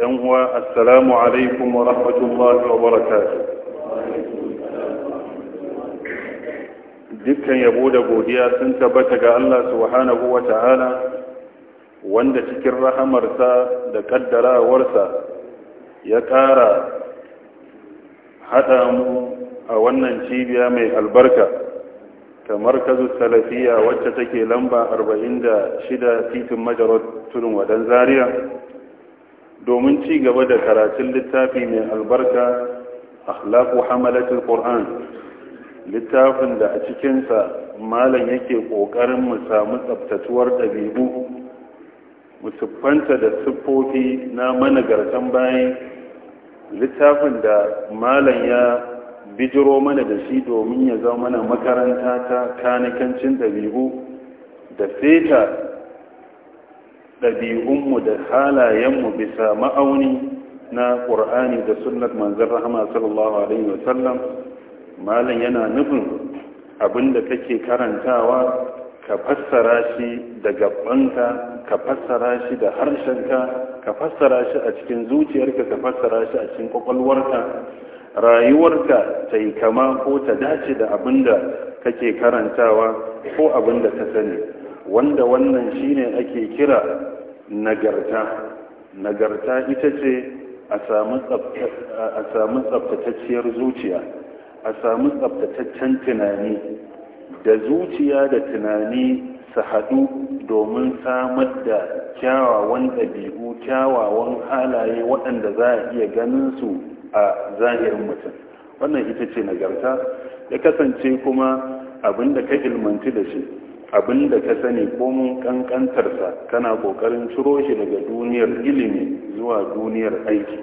yan uwa assalamu alaikum wa rahmatullahi wa barakatuh dukkan yabo da godiya sun tabbata ga Allah subhanahu wa ta'ala wanda cikin rahamarsa da kaddarawarsa ya kara haɗa mu a wannan cibiya mai albarka ta kazu salafiya wacce take lamba 46 titin majalar tudun wadan zaria domin ci gaba da karatun littafi mai albarka akhlaqu hamalatul qur'an littafin da a cikinsa malam yake kokarin mu samu tsaftatuwar dabi'u musuffanta da siffofi na managartan bayan littafin da malam ya bijiro mana da shi domin ya zama mana makaranta ta kanikancin dabi'u da feta ɗabi'unmu da halayenmu bisa ma'auni na ƙur'ani da sunnat manzan rahama sallallahu alaihi wasallam malam yana nufin abinda kake karantawa ka fassara shi da gabanka ka fassara shi da harshenka ka fassara shi a cikin zuciyarka ka fassara shi a cikin kwakwalwarka rayuwarka ta yi kama ko ta dace da abinda kake karantawa ko abinda ka sani wanda wannan shine ake kira nagarta nagarta ita ce a samu tsabtatacciyar zuciya a samu tsabtataccen tunani da zuciya da tunani su haɗu domin samar da kyawawan ɗabi'u kyawawan halaye waɗanda za a iya ganin su a zahirin mutum wannan ita ce nagarta ya kasance kuma abin da ka ilmanci da shi abin da ka sani ko mun kankantarsa kana kokarin ciro shi daga duniyar ilimi zuwa duniyar aiki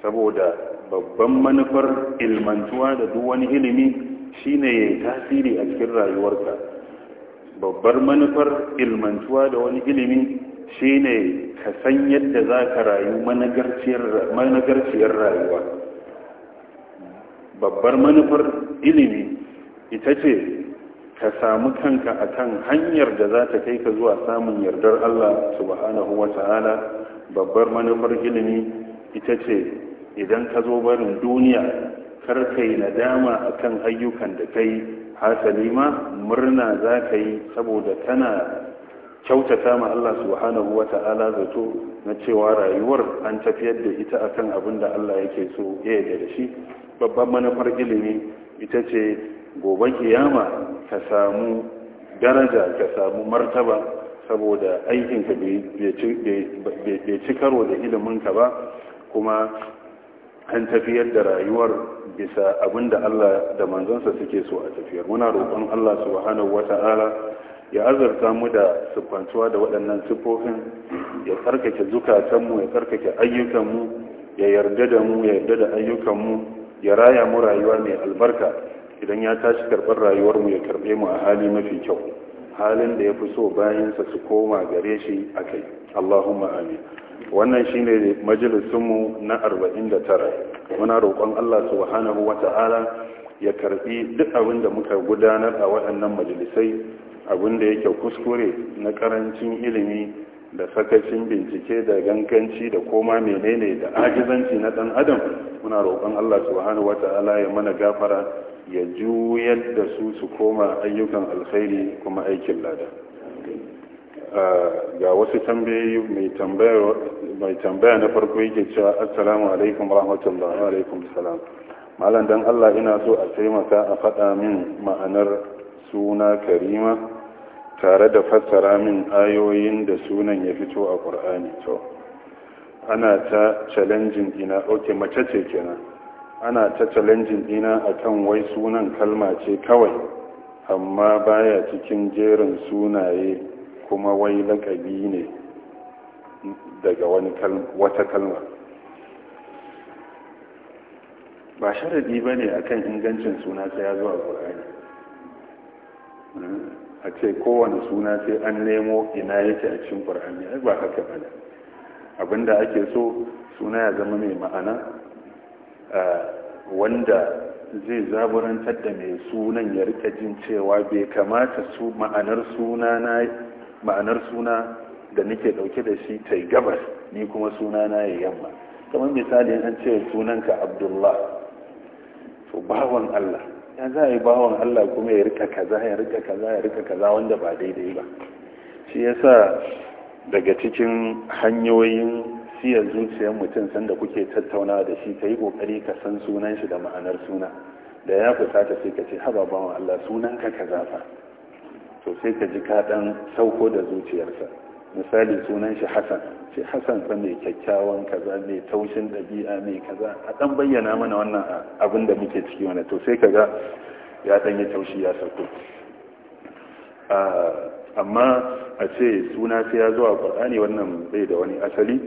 saboda babban manufar ilmantuwa da duk wani ilimi shine yi tasiri a cikin rayuwarka babbar manufar ilmantuwa da wani ilimi shine ka san yadda za ka rayu managarciyar rayuwa babbar manufar ilimi ita ce ka samu kanka a kan hanyar da za ta kai ka zuwa samun yardar Allah subhanahu wa ta'ala babbar manufar ilimi ita ce idan ka zo barin duniya kar ka yi nadama kan ayyukan da kai hasali ma murna za ka yi saboda kana kyautata ma Allah subhanahu wa ta'ala zato na cewa rayuwar an tafiyar da ita a kan abin da Allah yake so ya da shi babbar manufar ilimi ita ce gobe kiyama ka samu daraja ka samu martaba saboda aikinka bai ci karo da iliminka ba kuma an tafiyar da rayuwar bisa abinda Allah da manzansa suke so a tafiyar muna roƙon Allah subhanahu wata'ala ya azurta mu da siffantuwa da waɗannan siffofin ya tsarkake zukatanmu ya tsarkake ayyukanmu ya yarda da mu ya yarda da ayyukanmu ya raya mu rayuwa mai albarka idan ya tashi karɓar rayuwar mu ya karɓe mu a hali mafi kyau halin da ya fi so bayansa su koma gare shi a kai allahumma amin wannan shine majalisunmu na 49 muna roƙon allah subhanahu wa ta'ala ya karɓi duk abin da muka gudanar a waɗannan majalisai abin da yake kuskure na ƙarancin ilimi da sakacin bincike da ganganci da koma menene da ajizanci na dan adam muna roƙon Allah subhanahu wata'ala ya mana gafara ya juyar da su su koma ayyukan alkhairi kuma aikin lada ga wasu tambayoyi mai tambaya na farko yake cewa assalamu alaikum rahmatullahi wa alaikum salam malam dan Allah ina so a taimaka a faɗa min ma'anar suna karima tare da fassara min ayoyin da sunan ya fito a ƙur'ani to ana ta challenging ina. ok mace ce kenan ana ta challenging dina akan wai sunan kalma ce kawai amma baya cikin jerin sunaye kuma wai lakabi ne daga wani kalma, wata kalma ba sharadi ba ne akan ingancin suna sai ya zo a ƙur'ani hmm. a ce kowane suna sai an nemo ina yake a cikin qur'ani ai ba haka bane abinda ake so suna ya zama mai ma'ana wanda zai zaburantar da mai sunan ya rika jin cewa bai kamata su ma'anar suna na ma'anar suna da nake dauke da shi ta gabas ni kuma suna na ya yamma kamar misali an ce sunanka abdullah to bawan allah ya za a yi bawon Allah kuma ya rika kaza ya rika kaza ya rika kaza wanda ba daidai ba shi yasa daga cikin hanyoyin siya zuciyar mutum sanda kuke tattauna da shi ka yi kokari ka san sunan shi da ma'anar suna da ya fi sata sai ka ce haba bawan Allah sunan ka kaza fa to sai ka ji kaɗan dan sauko da zuciyarsa misali sunan shi hassan shi hassan fa mai kyakkyawan kaza mai taushin ɗabi'a mai kaza a ɗan bayyana mana wannan abin da muke ciki wani to sai kaga ya ɗanyi taushi ya sauko amma a ce suna sai ya zuwa qur'ani wannan bai da wani asali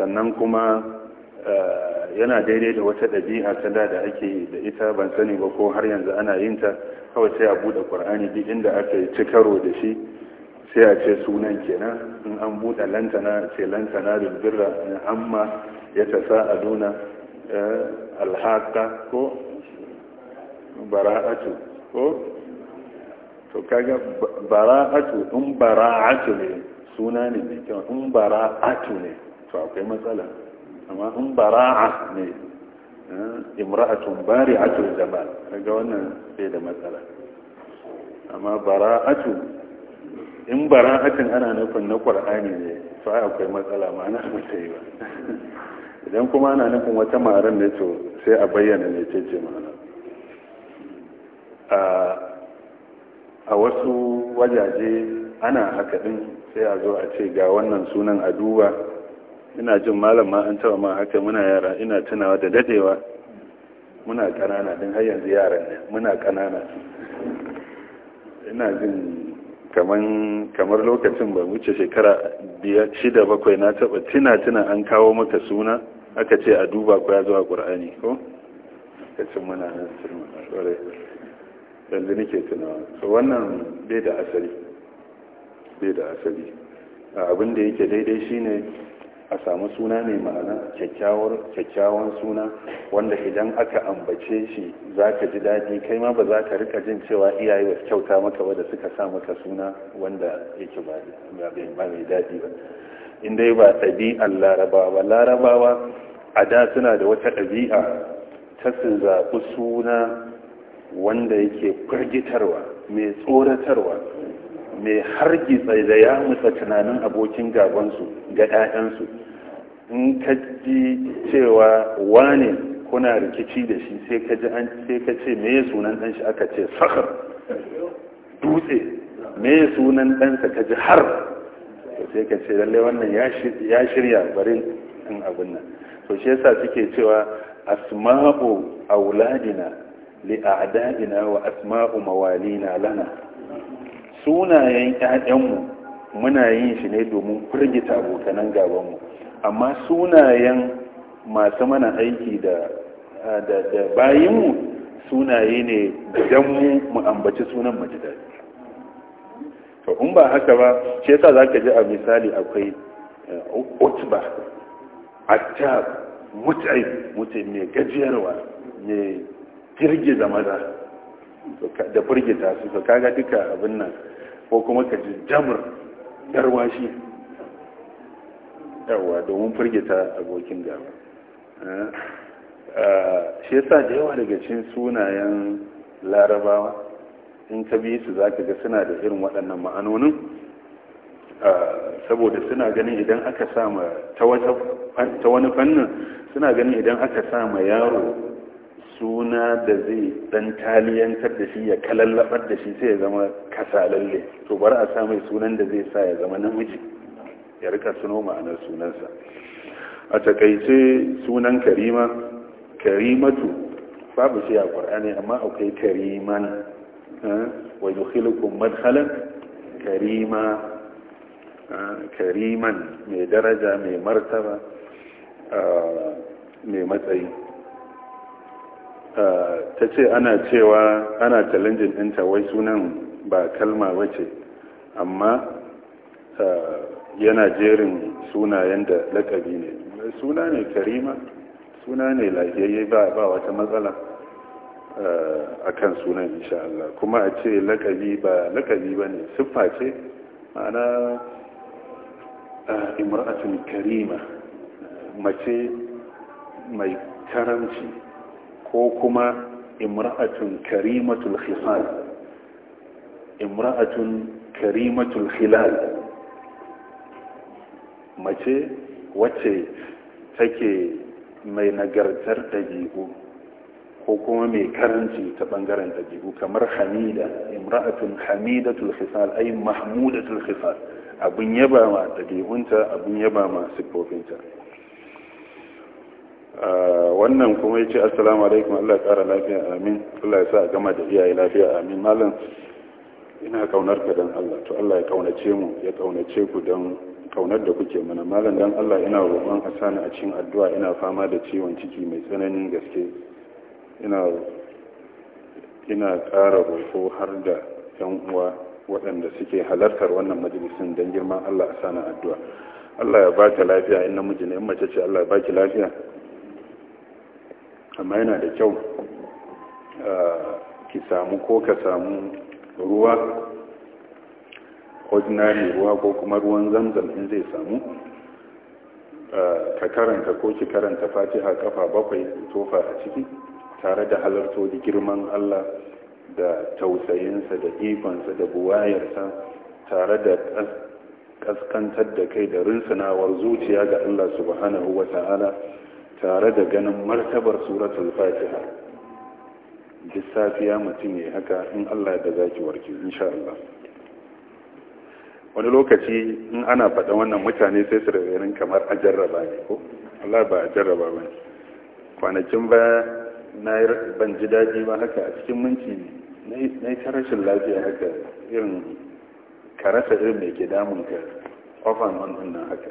sannan kuma yana daidai da wata ɗabi'a ta da ake da ita ban sani ba ko har yanzu ana yin ta kawai sai a buɗe ƙwar'ani duk inda aka yi ci da shi sai a ce sunan kenan in an buɗe lantana ce lantana da birra amma ya ta sa a nuna eh, alhaka ko bara'atu ko to kaga bara'atu in bara'atu ne suna ne mai kyau in bara'atu ne to akwai matsala amma in bara'a ne eh, imra'atun da ba kaga wannan sai da matsala amma bara'atu in baran hatin ana nufin na ƙwar'ani ne su ai akwai matsala ma'ana ba ta yi ba idan kuma ana nufin wata maran ne to sai a bayyana ne ce ce ma'ana a wasu wajaje ana haka ɗin sai a zo a ce ga wannan sunan a duba ina jin malam ma an taba ma haka muna yara ina tunawa da dadewa muna ƙanana din har yanzu yaran ne muna ƙanana ina jin kamar lokacin ba wuce shekara shida bakwai na taba tina tina an kawo maka suna aka ce a duba ku ya zuwa ƙur'ani ko lokacin muna nan ɗore yanzu nike tunawa so wannan bai da asali bai da asali abin da yake daidai shine a samu suna mai ma'ana kyakkyawan suna wanda idan aka ambace shi za ka ji daɗi kai ma ba za ka rika jin cewa iyaye ba kyauta maka ba da suka sa maka suna wanda yake ba mai daɗi ba in dai ba ɗabi'ar larabawa larabawa a da suna da wata ɗabi'a ta su zaɓi suna wanda yake firgitarwa mai tsoratarwa mai hargitsa da ya mutsa tunanin abokin gabansu ga 'ya'yansu in ka ji cewa wane kuna rikici da shi sai ka ji an sai ka ce me sunan dan shi aka ce Sakar dutse me sunan sa ka ji har sai ka ce lalle wannan ya shirya barin in abin nan to shi yasa suke cewa asma'u auladina li a'da'ina wa asma'u mawalina lana sunayen ƴaƴanmu muna yin shi ne domin furgita abokanan mu amma sunayen masu mana aiki da da bayinmu sunaye ne don mu mu ambaci sunan majidadi to in ba haka ba ce sa za ka ji a misali akwai otba eh, attab mutai mutai mai gajiyarwa mai girgiza maza da firgita su kaga duka abin nan ko kuma ka ji jamur garwashi yawa domin firgita abokin gaba eh, shi yasa da yawa daga cin sunayen larabawa in ka bi su za ka ga suna da irin waɗannan ma'anonin eh, saboda suna ganin idan aka sama ta wani fannin suna ganin idan aka sama yaro suna da zai dan taliyantar da shi ya kalallabar da shi sai ya zama kasalalle to bari a sa mai sunan da zai sa ya zama namiji ya rika suno ma'anar sunansa a takaice sunan karima karimatu babu shi a ƙwar'ani amma akwai kariman eh, wa yukhilukum madhalan karima eh, kariman mai daraja mai martaba eh, mai matsayi ta ce ana cewa ana challenging ɗinta wai sunan ba kalma wace amma yana jerin sunayen da lakabi ne suna ne karima suna ne lafiyayye ba ba wata matsala eh, a kan sunan insha Allah kuma a ce lakabi ba lakabi ba ne siffa ce ma'ana eh, imra'atun karima mace mai karamci ko kuma imra'atun karimatul khisal imra'atun karimatul khilal mace wacce take mai nagartar ɗabi'u ko kuma mai karanci ta ɓangaren ɗabi'u kamar hamida imra'atun hamidatul khisal ay mahmudatul khisal abun yaba ma ɗabi'unta abun yaba ma siffofinta ah, wannan kuma ya ce assalamu alaikum Allah ya ƙara lafiya amin Allah ya sa a gama da iyaye lafiya amin malam ina kaunar ka don Allah to Allah ya kaunace mu ya kaunace ku don kaunar da kuke mana malam dan Allah ina roƙon a sani a cikin addu'a ina fama da ciwon ciki mai tsananin gaske ina ina ƙara roƙo har da yan uwa waɗanda suke halartar wannan majalisin dan girman Allah a sani addu'a Allah ya ba ta lafiya in namiji ne in mace ce Allah ya ba ki lafiya amma yana da kyau ah, ki samu ko ka samu ruwa ordinary ruwa ko kuma ruwan zamzam in zai samu eh, ka karanta ko ki karanta fatiha kafa bakwai tofa a ciki tare da halarto da girman Allah da tausayinsa da ikonsa da buwayarsa tare da kaskantar da kai da rinsunawar zuciya ga Allah subhanahu wa ta'ala tare da ganin martabar suratul fatiha duk safiya mutum ne haka in Allah da zaki warke insha Allah wani lokaci in ana faɗa wannan mutane sai su rarrenin kamar a jarraba ne ko Allah ba a jarraba ba ne kwanakin ba na yi ban ji daji ba haka a cikin minti na yi ta rashin lafiya haka irin karasa irin mai ke damun ka ofan wannan nan haka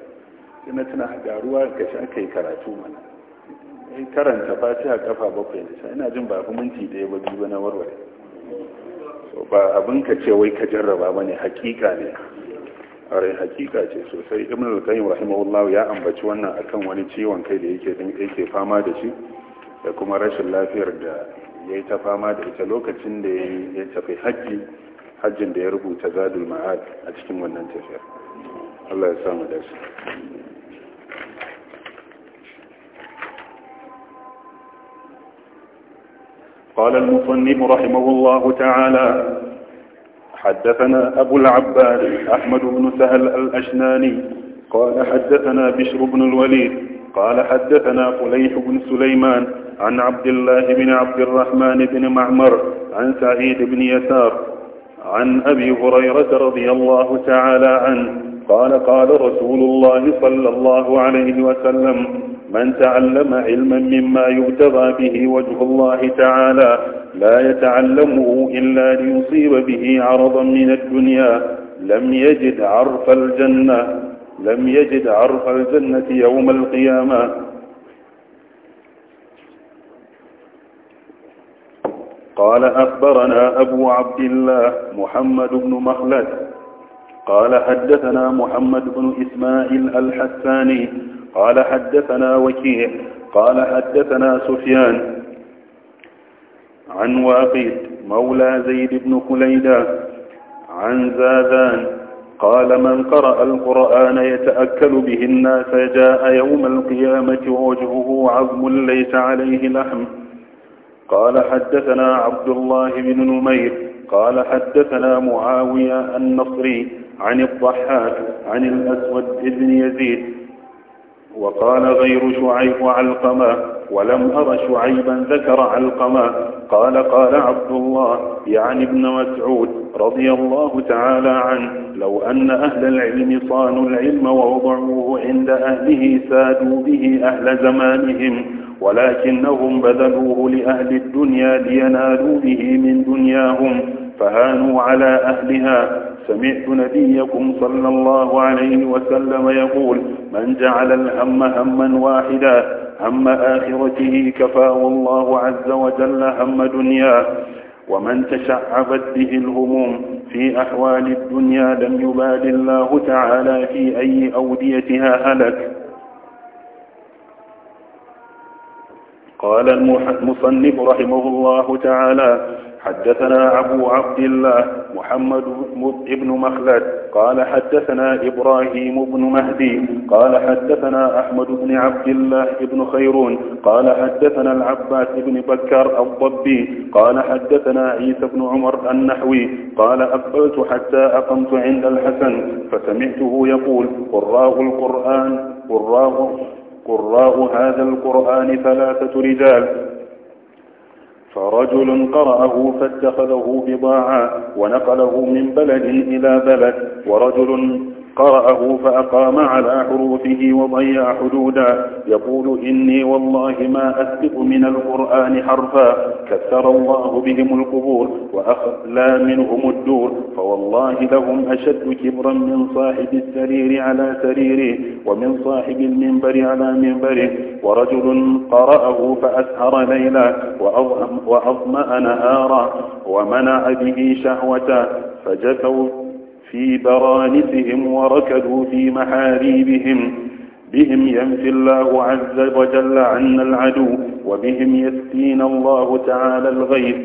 sai na tuna garuwa ga shi aka yi karatu mana yi karanta a kafa bakwai nisa ina jin ba fi minti ɗaya ba biyu na warware ba abin ka ce wai ka jarraba ba ne hakika ne ƙwarai hakika ce sosai ibn al-qayyim rahimahullah ya ambaci wannan akan wani ciwon kai da yake din yake fama da shi da kuma rashin lafiyar da yayi ta fama da ita lokacin da ya tafi haji hajjin da ya rubuta zadul ma'ad a cikin wannan tafiyar Allah ya samu da shi قال المصنف رحمه الله تعالى حدثنا أبو العباس أحمد بن سهل الأشناني قال حدثنا بشر بن الوليد قال حدثنا قليح بن سليمان عن عبد الله بن عبد الرحمن بن معمر عن سعيد بن يسار عن أبي هريرة رضي الله تعالى عنه قال قال رسول الله صلى الله عليه وسلم من تعلم علما مما يبتغى به وجه الله تعالى لا يتعلمه إلا ليصيب به عرضا من الدنيا لم يجد عرف الجنة لم يجد عرف الجنة يوم القيامة قال أخبرنا أبو عبد الله محمد بن مخلد قال حدثنا محمد بن إسماعيل الحساني قال حدثنا وكيع قال حدثنا سفيان عن واقيد مولى زيد بن كليدا عن زاذان قال من قرأ القرآن يتأكل به الناس جاء يوم القيامة وجهه عظم ليس عليه لحم قال حدثنا عبد الله بن نمير قال حدثنا معاوية النصري عن الضحاك عن الأسود بن يزيد وقال غير شعيب علقما ولم أر شعيبا ذكر علقمة قال قال عبد الله يعني ابن مسعود رضي الله تعالى عنه لو أن أهل العلم صانوا العلم ووضعوه عند أهله سادوا به أهل زمانهم ولكنهم بذلوه لأهل الدنيا لينالوا به من دنياهم فهانوا على أهلها سمعت نبيكم صلى الله عليه وسلم يقول من جعل الهم هما واحدا هم آخرته كفاه الله عز وجل هم دنياه ومن تشعبت به الهموم في أحوال الدنيا لم يبال الله تعالى في أي أوديتها هلك قال المصنف رحمه الله تعالى حدثنا أبو عبد الله محمد بن مخلد قال حدثنا إبراهيم بن مهدي قال حدثنا أحمد بن عبد الله بن خيرون قال حدثنا العباس بن بكر الضبي قال حدثنا عيسى بن عمر النحوي قال أقبلت حتى أقمت عند الحسن فسمعته يقول قراء القرآن قراء قراء هذا القرآن ثلاثة رجال فرجل قرأه فاتخذه بضاعة ونقله من بلد إلى بلد ورجل قرأه فأقام على حروفه وضيع حدودا يقول إني والله ما أسبق من القرآن حرفا كثر الله بهم القبور وأخلى منهم الدور فوالله لهم أشد كبرا من صاحب السرير على سريره ومن صاحب المنبر على منبره ورجل قرأه فأسهر ليلا وأظمأ نهارا ومنع به شهوة فجثوا في برانسهم وركدوا في محاريبهم بهم ينفي الله عز وجل عنا العدو وبهم يسقينا الله تعالى الغيث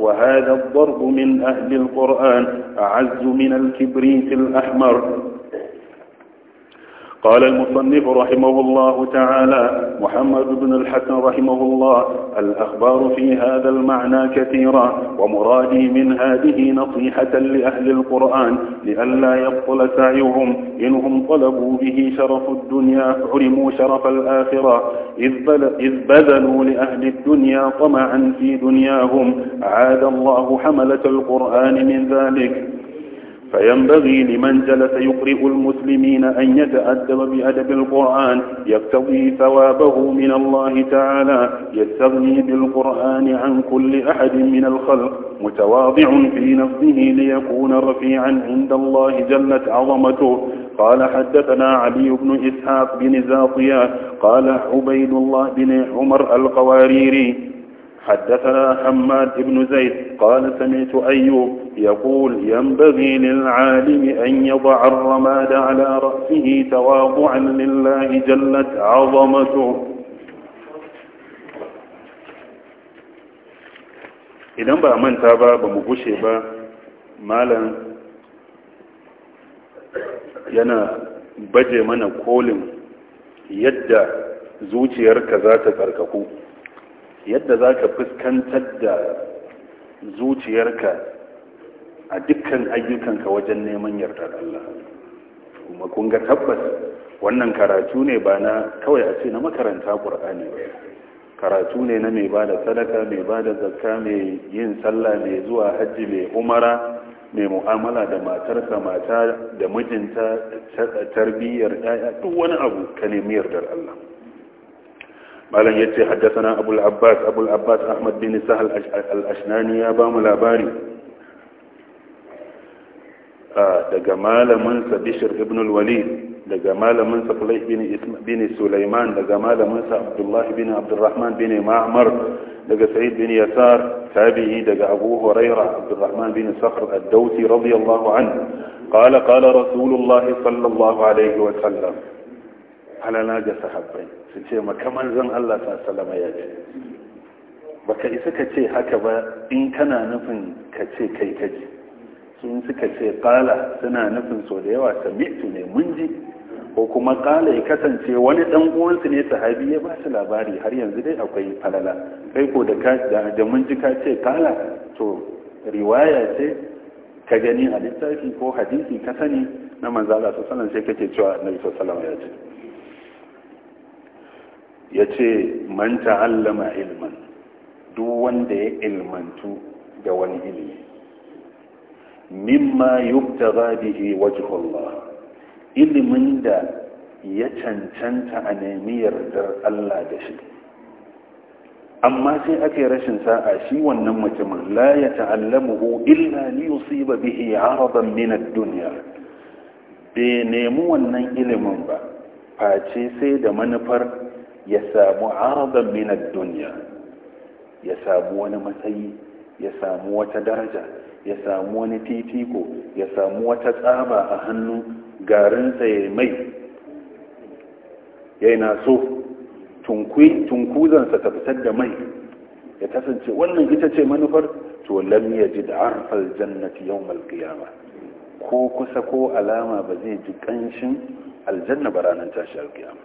وهذا الضرب من أهل القرآن أعز من الكبريت الأحمر قال المصنف رحمه الله تعالى محمد بن الحسن رحمه الله الأخبار في هذا المعنى كثيرة ومرادي من هذه نصيحة لأهل القرآن لئلا يبطل سعيهم إنهم طلبوا به شرف الدنيا عرموا شرف الآخرة إذ بذلوا لأهل الدنيا طمعا في دنياهم عاد الله حملة القرآن من ذلك فينبغي لمن جلس يقرئ المسلمين أن يتأدب بأدب القرآن يقتضي ثوابه من الله تعالى يستغني بالقرآن عن كل أحد من الخلق متواضع في نفسه ليكون رفيعا عند الله جلت عظمته قال حدثنا علي بن إسحاق بن زاطية قال عبيد الله بن عمر القواريري حدثنا حماد بن زيد قال سمعت أيوب يقول ينبغي للعالم أن يضع الرماد على رأسه تواضعا لله جلت عظمته idan ba manta ba ba mu gushe ba malam yana baje mana kolin yadda zuciyarka za ta tsarkaku yadda za ka fuskantar da zuciyarka a dukkan ayyukanka wajen neman yardar Allah kuma kun ga tabbas wannan karatu ne ba na kawai a ce na makaranta ƙur'ani ba karatu ne na mai ba da sadaka mai ba da zakka mai yin sallah mai zuwa hajji mai umara mai mu'amala da matarsa mata da mijinta tarbiyyar ɗaya duk wani abu ka nemi yardar Allah malam ya ce haddasana abu abbas abu abbas ahmad bin sahal al-ashnani ya ba mu labari daga malaminsa bishir ibn al-walid daga malaminsa fulayh bin sulaiman daga malaminsa abdullahi bin abdurrahman bin ma'mar daga sa'id bin yasar tabi'i daga abu huraira abdurrahman bin sakhar ad-dawsi radiyallahu an qala qala rasulullah sallallahu alaihi wa sallam Falala ga sahabbai su ce kamar zan Allah sallama ya ce baka isa ka ce haka ba in kana nufin ka ce kai kaji sun suka ce kala suna nufin so da yawa sami'tu ne mun ko kuma kala ya kasance wani dan uwansu ne sahabi ya ba su labari har yanzu dai akwai falala kai ko da da mun ji ka ce kala to riwaya ce ka gani a littafi ko hadisi ka sani na manzala sallallahu alaihi wasallam sai kake cewa annabi sallallahu alaihi wasallam ya ce ya ce man ta'allama ilman duk wanda ya ilmantu da wani ilmi mimma yubtagha bihi wajhullah ilimin da ya cancanta a nemiyar yardar Allah da shi amma sai ake rashin sa'a shi wannan mutumin la ya ta'allamuhu illa li yusiba bihi 'aradan min ad-dunya bai nemi wannan ilimin ba face sai da manufar ya samu aradan minar duniya ya samu wani matsayi ya samu wata daraja ya samu wani titiko, ya samu wata tsaba a hannu garinsa ya mai na so tunkuzansa ta fitar da mai ya kasance wannan ita ce manufar to ji da arfal jannati yau qiyama ko kusa ko alama ba zai ji kanshin aljanna ba ranar tashi alkiyama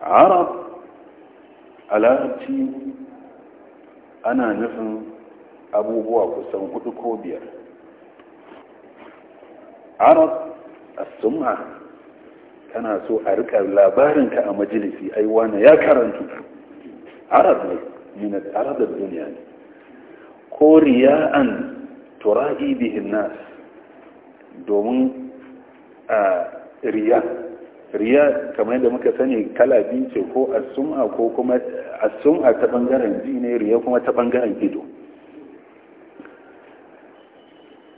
arab a larabci ana nufin abubuwa kusan hudu ko biyar arab a sum'a kana so a rika labarinka a majalisi aiwa wane ya karantu arab ne minas arab duniya ne ko riya'an tura'i bihin nas domin a riya riya kamar yadda muka sani kala biyu ce ko asum'a ko kuma asum'a ta bangaren ji ne riya kuma ta bangaren ido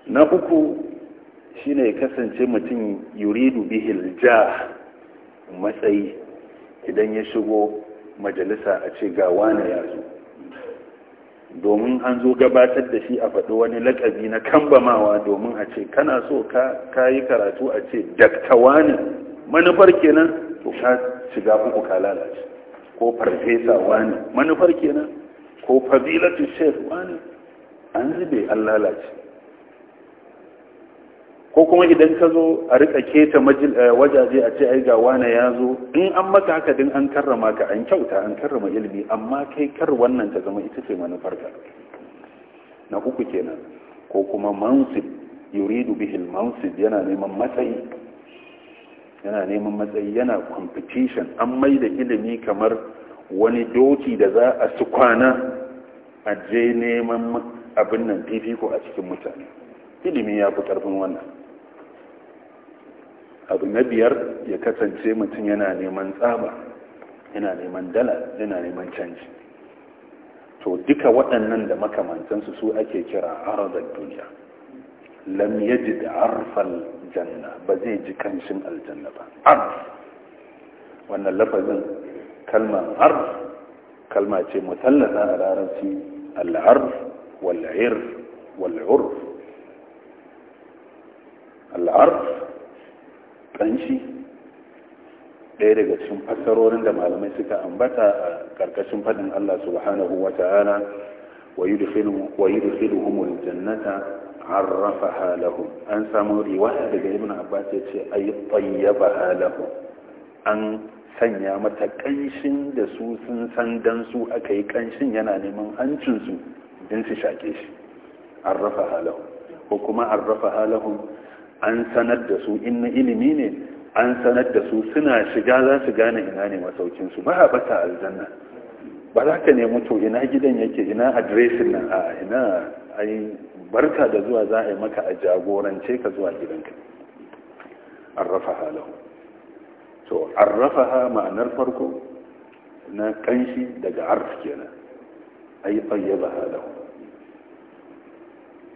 na uku shine ya kasance mutum yuridu bihil ja matsayi idan ya shigo majalisa a ce ga wane ya zo domin an zo gabatar da shi a faɗi wani lakabi na kambamawa domin a ce kana so ka yi karatu a ce daktawa ne manufar kenan to ka shiga uku ka lalace ko farfesa wani manufar kenan ko fadilatu shef wani an zube an lalace ko kuma idan ka zo a rika keta eh, wajaje a ce ai ga wani ya zo in an maka haka din an karrama ka an kyauta an karrama ilimi amma kai kar wannan ta zama ita ce manufarka na uku kenan ko kuma mansib yuridu bihil mansib yana neman matsayi yana neman matsayi yana competition an mai da ilimi kamar wani doki da za a su kwana a je neman abin nan fifiko a cikin mutane ilimi ya fi karfin wannan abu na biyar ya kasance mutum yana neman tsaba yana neman dala yana neman canji to duka waɗannan da makamantansu su ake kira arzar duniya lam da arfal janna ba zai ji kanshin aljanna ba arf wannan lafazin kalma arf kalma ce musallata a larabci al'ar wal'ir wal'ur al'ar kanshi ɗaya daga cikin fassarorin da malamai suka ambata a ƙarƙashin faɗin Allah subhanahu wa ta'ala wa yudkhiluhum al-jannata arrafa lahum an samu riwaya daga ibn abbas ya ce ay tayyabaha lahum an sanya mata kanshin da su sun san dan su aka yi kanshin yana neman hancin su din su shake shi arrafaha lahum ko kuma arrafaha lahum an sanar da su inna ilimi ne an sanar da su suna shiga za su gane ina ne masaukin su mahabata aljanna ba za ka nemi to ina gidan yake ina adireshin nan a ina ai barka da zuwa za a yi maka a jagorance ka zuwa gidanka An arrafaha lahu to arrafaha ma'anar farko na kanshi daga arf kenan ay tayyibaha lahu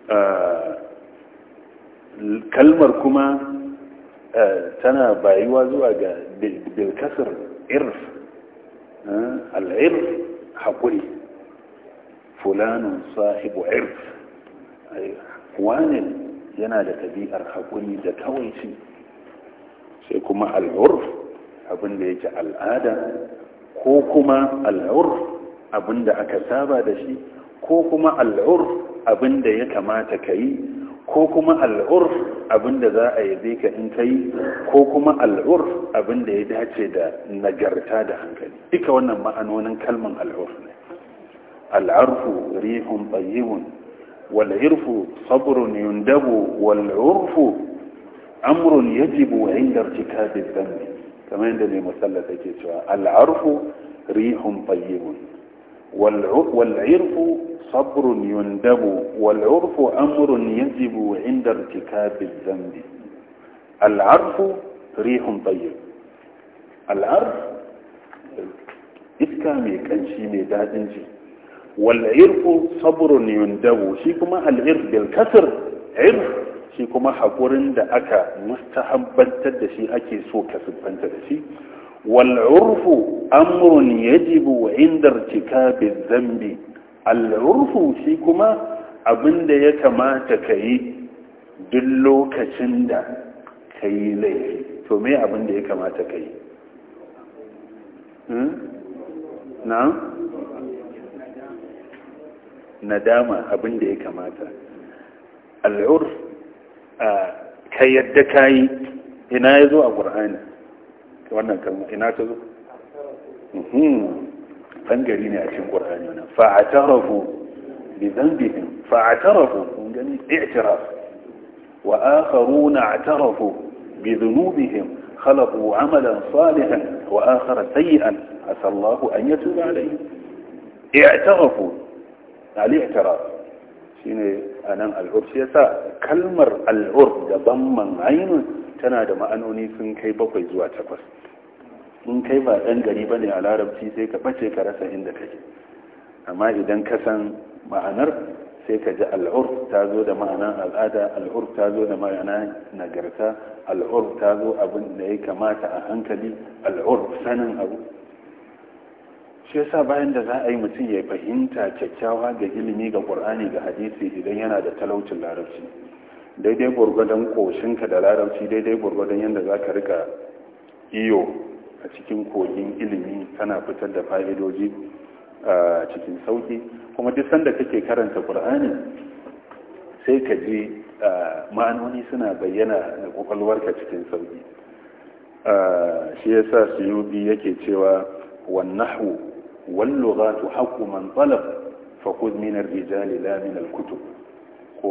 eh, kalmar kuma eh, tana bayuwa zuwa ga bilkasar irf eh, al-irf haƙuri fulanun sahibu irf wani yana da tabi'ar haƙuri da kawaici sai kuma al'urf abinda yake al'ada ko kuma al'urf abinda aka saba da shi ko kuma al'urf abinda ya kamata ka yi ko kuma al'urf abinda za a zai ka in ka yi ko kuma al'urf abinda ya dace da nagarta da hankali duka wannan ma'anonin kalman al'urf ne al'arfu rihun tsayyihun والعرف صبر يندب والعرف أمر يجب عند ارتكاب الذنب كما مثلث المثلث العرف ريح طيب والعرف صبر يندب والعرف أمر يجب عند ارتكاب الذنب العرف ريح طيب العرف إذ كان kanshi mai daɗin ji wal'irfu sabrun yundabu shi kuma al'irf bil irf shi kuma haƙurin da aka mustahabbantar da shi ake so ka siffanta da shi wal'urfu amrun yajibu inda irtikabi zambi al'urfu shi kuma abin da ya kamata ka yi duk lokacin da ka yi laifi to me abinda ya kamata ka yi na ندامة أبن إيه كماتا العرف كي يدكاي هنا يذو أبرهانا وانا كلمة هنا تذو فانقرين أشم قرآن فاعترفوا بذنبهم فاعترفوا اعتراف وآخرون اعترفوا بذنوبهم خلقوا عملا صالحا وآخر سيئا عسى الله أن يتوب عليهم اعترفوا al'ihtara shi ne a nan al'ur shi yasa kalmar al'ur daban man ainihin tana da ma'anoni sun kai bakwai zuwa takwas in kai ba ɗan gari ba ne a larabci sai ka ɓace ka rasa inda kake amma idan ka san ma'anar sai ka ji al'ur ta zo da ma'anar al'ada al'ur ta zo da ma'ana nagarta al'ur ta zo abin da ya kamata a hankali al'ur sanin abu shi yasa bayan da za a yi mutum ya fahimta kyakkyawa ga ilimi ga ƙur'ani ga hadisi idan yana da talaucin larabci daidai gwargwadon koshinka da larabci daidai gwargwadon yadda za ka rika iyo a cikin kogin ilimi kana fitar da fa'idoji a cikin sauki kuma duk sanda kake karanta qur'ani sai ka ji ma'anoni suna bayyana da kwakwalwarka cikin sauki shi yasa suyubi yake cewa wannahu واللغات حق من طلب فخذ من الرجال لا من الكتب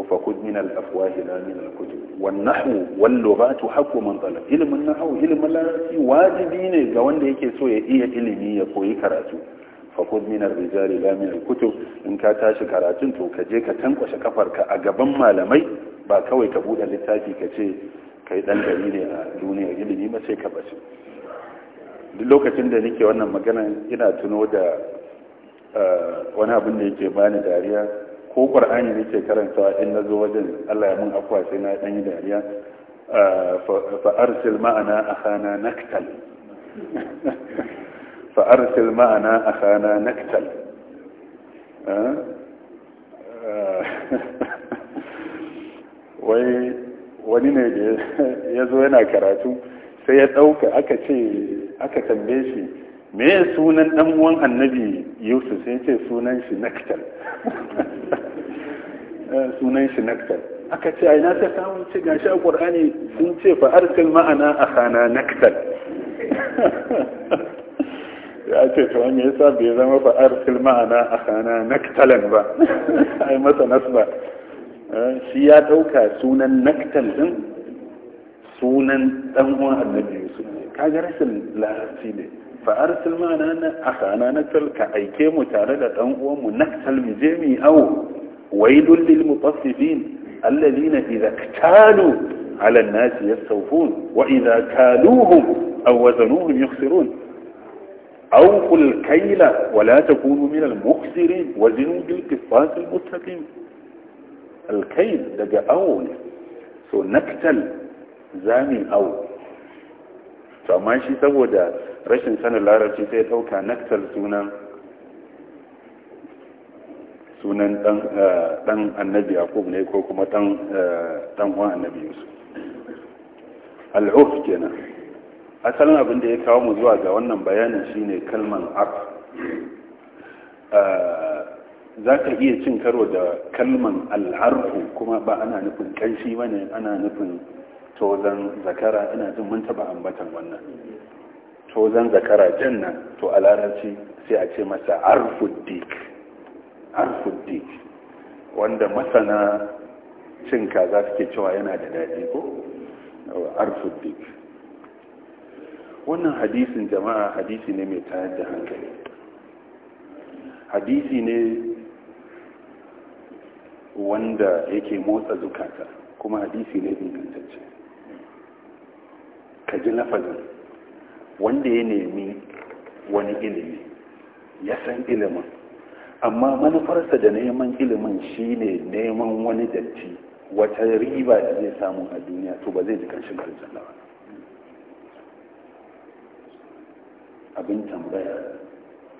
فخذ من الأفواه لا من الكتب والنحو واللغات حق من طلب علم النحو علم wajibi ne ga wanda yake so ya iya ilimi ya koyi karatu fakud Rijali ar kutu. in ka tashi karatun to ka je ka tankwashe kafarka a gaban malamai ba kawai ka buɗe littafi ka ce kai ɗan gari ne a duniyar ilimi ba sai ka bace lokacin da nake wannan magana ina tuno da eh, wani abin da yake bani dariya ko qur'ani nake karantawa in nazo wajen Allah ya mun afwa sai na ɗanyi yi dariya eh, fa arsil a hana naktal fa arsil a hana naktal eh, wai wani ne ya zo yana karatu sai ya ɗauka aka ce aka tambaye shi me ya sunan ɗan uwan annabi yusuf sai ce sunan shi naktar eh, sunan shi naktar aka ce ai na ta samun ce gashi a qur'ani sun ce fa arsil ma'ana hana naktar ya ce to me sa bai zama fa arsil ma'ana hana naktalan ba ai masa nasba eh, shi ya ɗauka sunan naktal din sunan dan uwan annabi yusuf ne kaga rashin larabci ne fa arsil ma'ana na akhana nakal ka aike mu tare da dan uwan mu nakal mu je mu awo wailul lil mutaffifin alladhina idza ktalu ala an-nasi yastawfun wa idza kaluhum aw wazanuhum yukhsirun أوفوا الكيل ولا تكونوا من المخسرين وزنوا بالقصاص المستقيم الكيل دقى أول سو نكتل zamin awo amma shi saboda rashin sanin larabci sai ɗauka naktar sunan sunan ɗan eh, annabi yakub ne ko kuma ɗan eh, uwan annabi yusuf al'uf kenan asalin abin da ya kawo mu zuwa ga wannan bayanin shine kalman af eh, za ka iya cin karo da kalman al'arfu kuma ba ana nufin kanshi ba ana nufin tozan zakara ina jin mun taba ambatan wannan tozan zakara nan to a larabci sai a ce masa arfuddik arfuddik wanda masana cin kaza suke cewa yana da daji ko arfuddik wannan hadisin jama'a hadisi ne mai tayar da hankali hadisi ne wanda yake motsa zukata kuma hadisi ne ingantacce ka ji lafazin wanda ya nemi wani ilimi ya san ilimin amma manufarsa da neman ilimin shine neman wani datti wata riba da zai samu a duniya to ba zai ji kanshin aljanna ba abin tambaya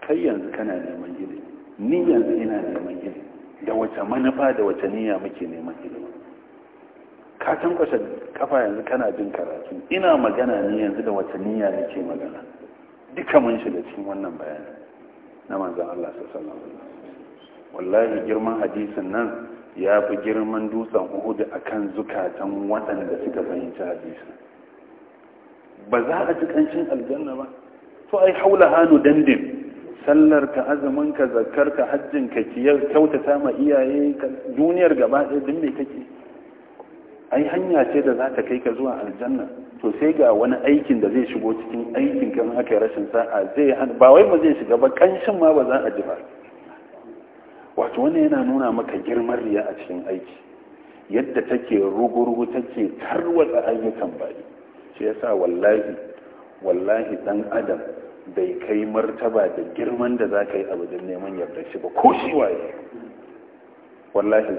kai yanzu kana neman ilimi ni yanzu ina neman ilimi da wace manufa da wata niyya muke neman ilimi ka kwashe kafa yanzu kana jin karatu ina magana ne yanzu da wata niyya nake magana duka mun shiga cikin wannan bayani na manzon Allah sallallahu alaihi wallahi girman hadisin nan ya fi girman dutsen Uhud akan zukatan waɗanda suka fahimci hadisin ba za a ci ƙanshin aljanna ba to ai haula hanu dandin sallar ka azumin ka zakkar ka hajjin ka kiyar kyautata ma iyaye duniyar gaba ɗaya din me kake ai hanya ce da za ta kai ka zuwa aljanna to sai ga wani aikin da zai shigo cikin aikin kan haka ya rashin sa'a zai ba wai ba zai shiga ba kanshin ma ba za a ji ba wato wannan yana nuna maka girman riya a cikin aiki yadda take rugurugu take tarwatsa ayyukan bayi shi yasa wallahi wallahi dan adam bai kai martaba da girman da za ka yi abu da neman yarda shi ba ko shi waye wallahi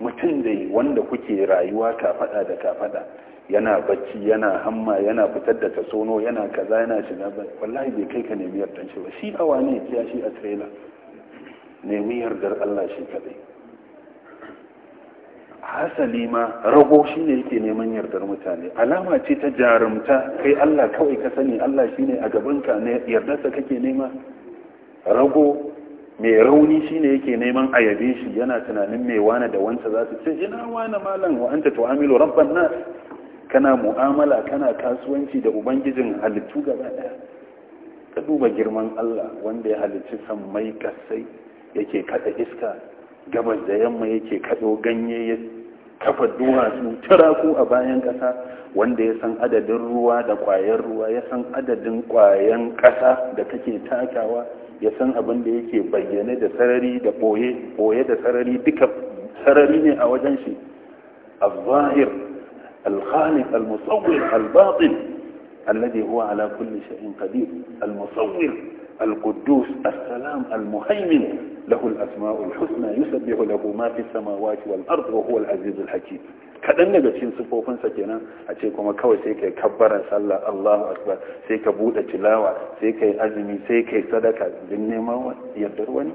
mutum da yi wanda kuke rayuwa kafada da kafada yana bacci yana hamma yana fitar da tasono yana kaza yana shiga wallahi bai kai ka nemi yardan shi ba shi awa ne ya shi a trailer nemi yardar Allah shi kadai hasali ma rago shi ne yake neman yardar mutane alama ce ta jarumta kai Allah kawai ka sani Allah shi ne a gabanka ne yardarsa kake nema rago mai rauni shi ne yake neman ayabe shi yana tunanin mai wane da wanta za su ce ina wane malam wa an ta tu'amilu rabban nas kana mu'amala kana kasuwanci da ubangijin halittu gaba daya ka duba girman Allah wanda ya halicci sammai kasai yake kada iska gabas da yamma yake kado ganye ya kafa tara turaku a bayan ƙasa wanda ya san adadin ruwa da kwayar ruwa ya san adadin kwayan ƙasa da kake takawa ya san abin da yake bayyane da sarari da boye boye da sarari duka sarari ne a wajen shi al-zahir al-khaliq al-musawwir al-batin alladhi huwa ala kulli shay'in qadir al-musawwir al-quddus as-salam al-muhaymin له الأسماء الحسنى يسبح له ما في السماوات والأرض وهو العزيز الحكيم kaɗan daga cikin sifofinsa kenan a ce kuma kawai sai kai kabbaran sallah Allahu akbar sai ka buɗe tilawa sai kai azumi sai kai sadaka din neman yardar wani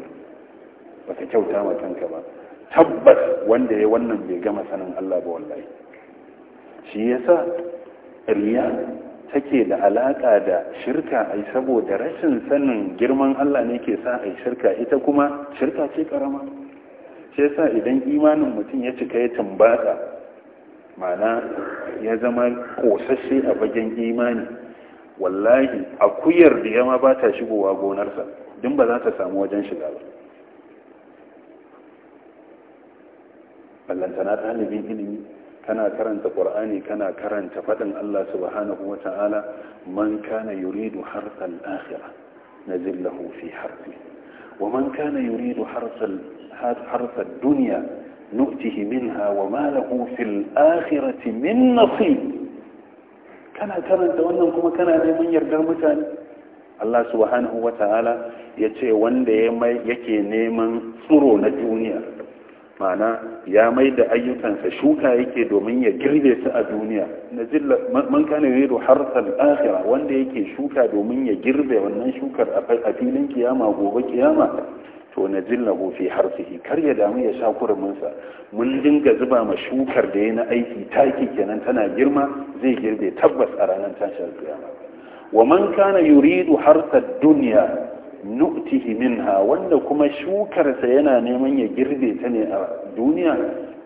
baka kyauta ma kanka ba tabbas wanda ya wannan bai gama sanin Allah ba wallahi shi yasa riya take da alaƙa da shirka ai saboda rashin sanin girman Allah ne ke sa ai shirka ita kuma shirka ce karama shi yasa idan imanin mutum ya cika ya tumbata mana ya zama kosashe a bagen imani wallahi akuyar da yama ba ta shigowa gonarsa din ba za ta samu wajen shiga ba ballantana ɗalibin ilimi kana karanta qur'ani kana karanta fadin Allah subhanahu wata'ala man kana yuridu harfal akhirah nazil lahu fi harfi wa man kana yuridu harfal ad dunya nu'tihi minha wa ma lahu fil akhirati min naseeb kana karanta wannan kuma kana neman yardar mutane Allah subhanahu wata'ala yace wanda yake neman tsoro na duniya ma'ana ya mai da ayyukansa shuka yake domin ya girbe su a duniya man kana yuridu harsal akhirah wanda yake shuka domin ya girbe wannan shukar a filin kiyama gobe kiyama to na jillahu fi harsihi kar ya damu ya sha kurumin sa mun dinga zuba ma shukar da yana aiki taki kenan tana girma zai girbe tabbas a ranar tashar kiyama wa man kana yuridu harsal dunya nu'tihi minha wanda kuma shukarsa yana neman ya girbe ta ne a duniya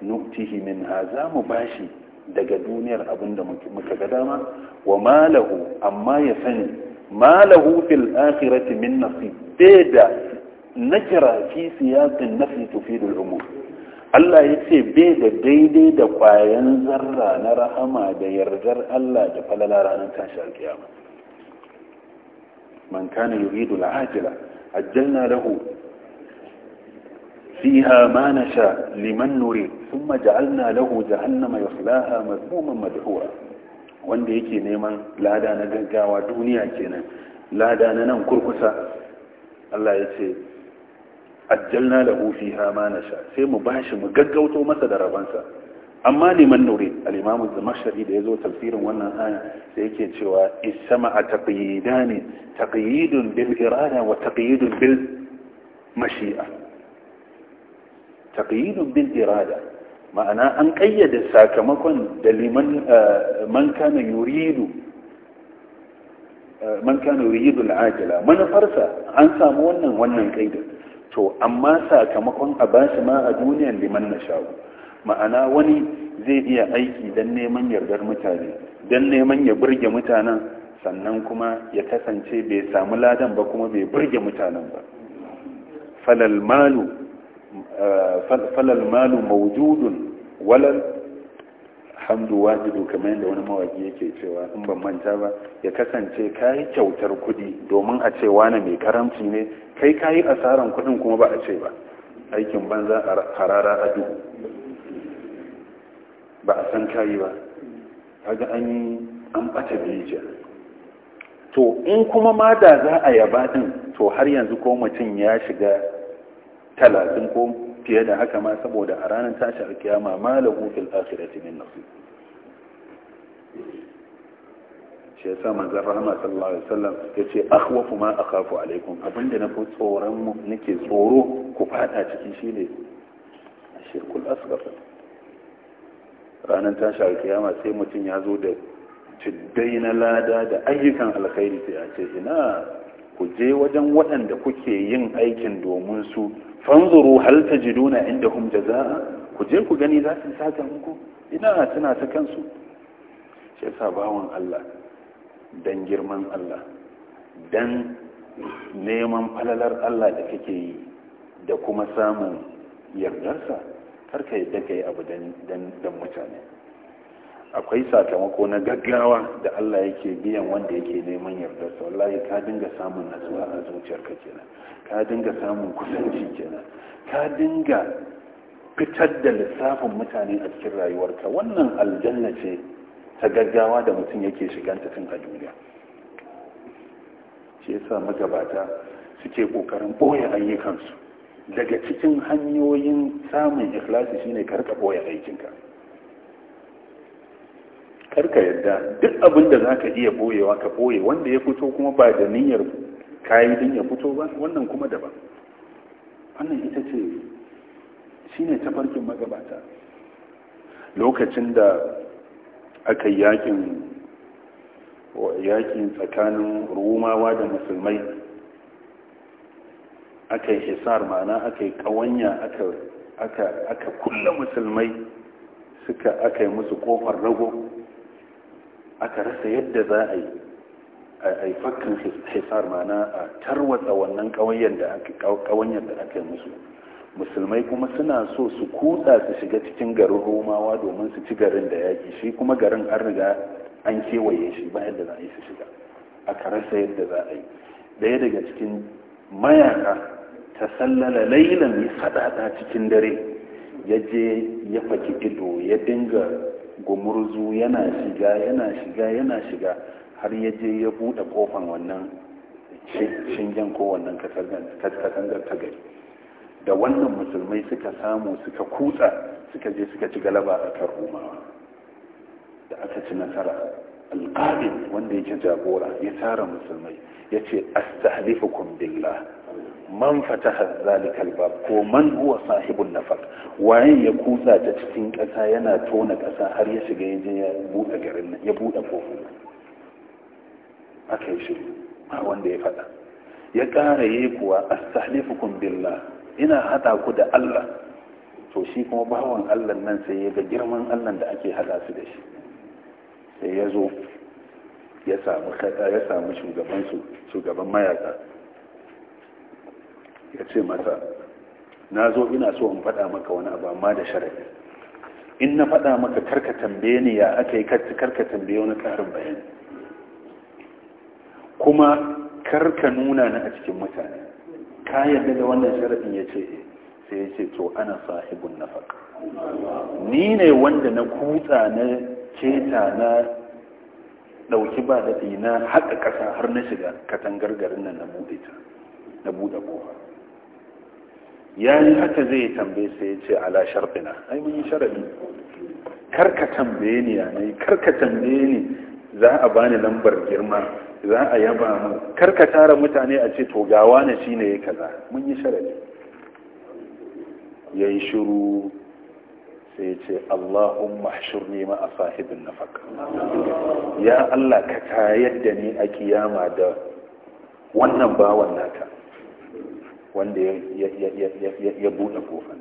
nu'tihi minha za mu bashi daga duniyar abin da muka ga dama wa malahu amma ya sani malahu fil akhirati min nasib da nakira fi siyaqin nafi tufidu al-umur Allah ya ce bai da daidai da kwayan zarra na rahama da yardar Allah da falala ranar tashi alkiyama man kana yuridu al'ajila ajjalna lahu فيها ما نشاء لمن نريد ثم جعلنا له جهنم يصلاها مذموما مدحورا wanda yake neman lada na gaggawa duniya kenan lada na nan kurkusa Allah ya ce ajjalna lahu fiha ma nasha sai mu bashi mu gaggauto masa da rabansa amma neman naure al'imamu zamashari da ya zo tafsirin wannan aya sai yake cewa isama a taƙayyida ne taƙayyidun bil irada wa taƙayyidun bil mashi'a taƙayyidun bil irada ma'ana an ƙayyada sakamakon da liman eh, man kana yuridu eh, man kana yuridu al'ajila manufarsa an samu wannan wannan ƙaidin to amma sakamakon a bashi ma a duniyan liman na sha'u ma'ana wani zai iya aiki don neman yardar mutane don neman ya burge mutanen sannan kuma ya kasance bai samu ladan ba kuma bai burge mutanen ba falal malu eh, maududun walal hamdu wajidu kamar da wani mawaki yake cewa in ban manta ba ya kasance kayi kyautar kudi domin a ce wani mai karamci ne kai kayi asaran kudin kuma ba a ce ba aikin banza a harara a duhu ba a san kayi ba kaga an yi an bata bija to in kuma ma da za a yaba din to har yanzu ko mutum ya shiga talatin ko fiye da haka ma saboda a ranar tashi kiyama ma da fil akhirati min nasib shi ya sa manzan rahama sallallahu alaihi wasallam ya ce akhwafu ma akhafu alaikum abinda na fi tsoron nake tsoro ku fada cikin shine shirkul asghar ranar tashi alkiyama sai mutum ya zo da tuddai na lada da ayyukan alkhairi sai a ce ina ku je wajen waɗanda kuke yin aikin domin su fanzuru hal tajiduna indahum jazaa ku je ku gani za su saka muku ina tana ta kansu shi yasa bawon Allah dan girman Allah dan neman falalar Allah da kake yi da kuma samun yardarsa kar ka daga ka yi abu dan mutane akwai sakamako na gaggawa da Allah yake biyan wanda yake neman yarda sa wallahi ka dinga samun natsuwa a zuciyarka kenan ka dinga samun kusanci kenan ka dinga fitar da lissafin mutane a cikin rayuwarka wannan aljanna ce ta gaggawa da mutum yake shiganta tun a duniya shi yasa magabata suke kokarin boye ayyukansu daga cikin hanyoyin samun ikhlasi shine karka boye aikinka karka yadda duk abin da za ka iya boyewa ka boye wanda ya fito kuma ba da niyyar kayi din ya fito ba wannan kuma daban wannan ita ce shine tafarkin magabata lokacin da aka yi yakin tsakanin rumawa da musulmai aka yi hisar mana aka yi kawanya aka kulle musulmai suka aka yi musu kofar rago aka rasa yadda za a yi a yi fakkan hisar mana a tarwatsa wannan kawanyar da aka yi musu musulmai kuma suna so su kutsa su shiga cikin garin romawa domin su ci garin da yaƙi shi kuma garin an riga an kewaye shi ba yadda za a yi su shiga aka rasa yadda za a yi daya daga cikin mayaka ta lailan ya faɗaɗa cikin dare ya je ya faki ido ya dinga gumurzu yana shiga yana shiga yana shiga har ya je ya buɗe ƙofan wannan shingen ko wannan katangar ta gari da wannan musulmai suka samu suka kutsa suka je suka ci galaba a kan romawa da aka ci nasara alƙalin wanda yake jagora ya tara musulmai ya ce astahlifukum billah man fataha zalikal bab ko man huwa sahibun nafaq wayan ya kusa ta cikin ƙasa yana tona ƙasa har ya shiga ya je ya buɗe garin nan ya buɗe kofi aka yi shiru ba wanda ya faɗa ya ƙara yi kuwa astahlifukum billah ina haɗa ku da Allah to shi kuma bawan Allah nan sai ya ga girman Allah da ake hada su da shi sai ya zo ya samu ya samu shugaban su shugaban mayaka ya ce mata na zo ina so in faɗa maka wani abu amma da sharaɗi in na faɗa maka karka tambaye ni ya aka yi karka tambaye wani ƙarin bayani kuma karka nuna ni a cikin mutane ka yarda da wannan sharaɗin ya ce eh. sai ya ce to ana sahibun nafaka ni ne wanda na kutsa na keta na ɗauki ba daɗi na haƙa ƙasa har na shiga katangar garin nan na buɗe ta na buɗe ƙofa ya yi haka zai tambaye sai ya ce ala sharfina ai mun yi karka tambaye ni ya karka tambaye ni za a bani lambar girma za a yaba mu karka tara mutane a ce to gawa na shi ne kaza mun yi sharaɗi ya yi shiru sai ya ce allahumma shirni ma a sahibin ya allah ka tayar da ni a kiyama da wannan bawan naka wanda ya buɗe kofan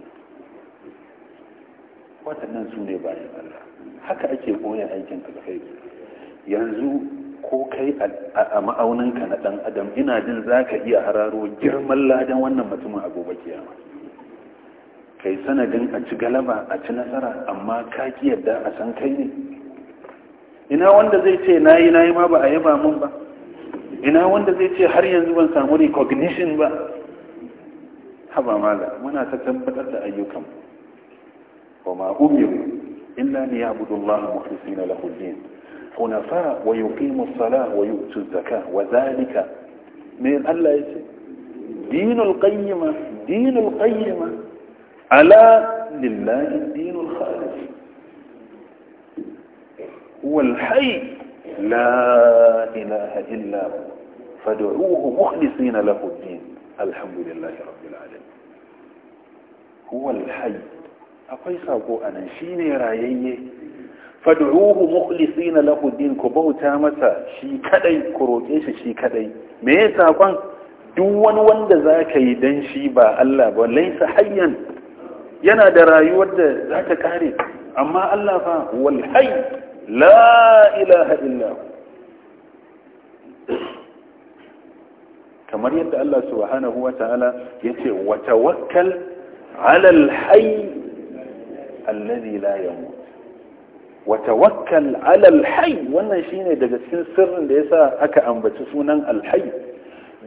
waɗannan su ne bayan Allah haka ake koya aikin alkhairi yanzu ko kai a ma'auninka na ɗan adam ina jin za ka iya hararo girman ladan wannan mutumin a gobe kiyama kai sanadin a ci galaba a ci nasara amma ka ki yadda a san kai ne ina wanda zai ce na yi na yi ma ba a yaba min ba ina wanda zai ce har yanzu ban samu recognition ba haba mala muna ta tabbatar da ayyukan wa ma umiru illa ni ya'budu Allah mukhlisina lahu din hunafa wa yuqimu as-salah wa yu'tu az-zakah wa dhalika min Allah yace dinul qayyima dinul qayyima ala lillahi dinul khalis هو الحي لا إله إلا هو فادعوه مخلصين له الدين الحمد لله رب العالمين هو الحي akwai sako a nan shi ne rayayye fad'uhu mukhlisina lahu din ku bauta masa shi kadai ku roƙe shi shi kadai me ya sakon duk wani wanda zaka yi dan shi ba Allah ba laisa hayyan yana da rayuwar da zaka kare amma Allah fa wal hayy la ilaha illa kamar yadda Allah subhanahu wa ta'ala ya ce wa tawakkal ala hayy alladhi la yamut wa tawakkal ala hayy wannan shine daga cikin sirrin da yasa aka ambaci sunan hayy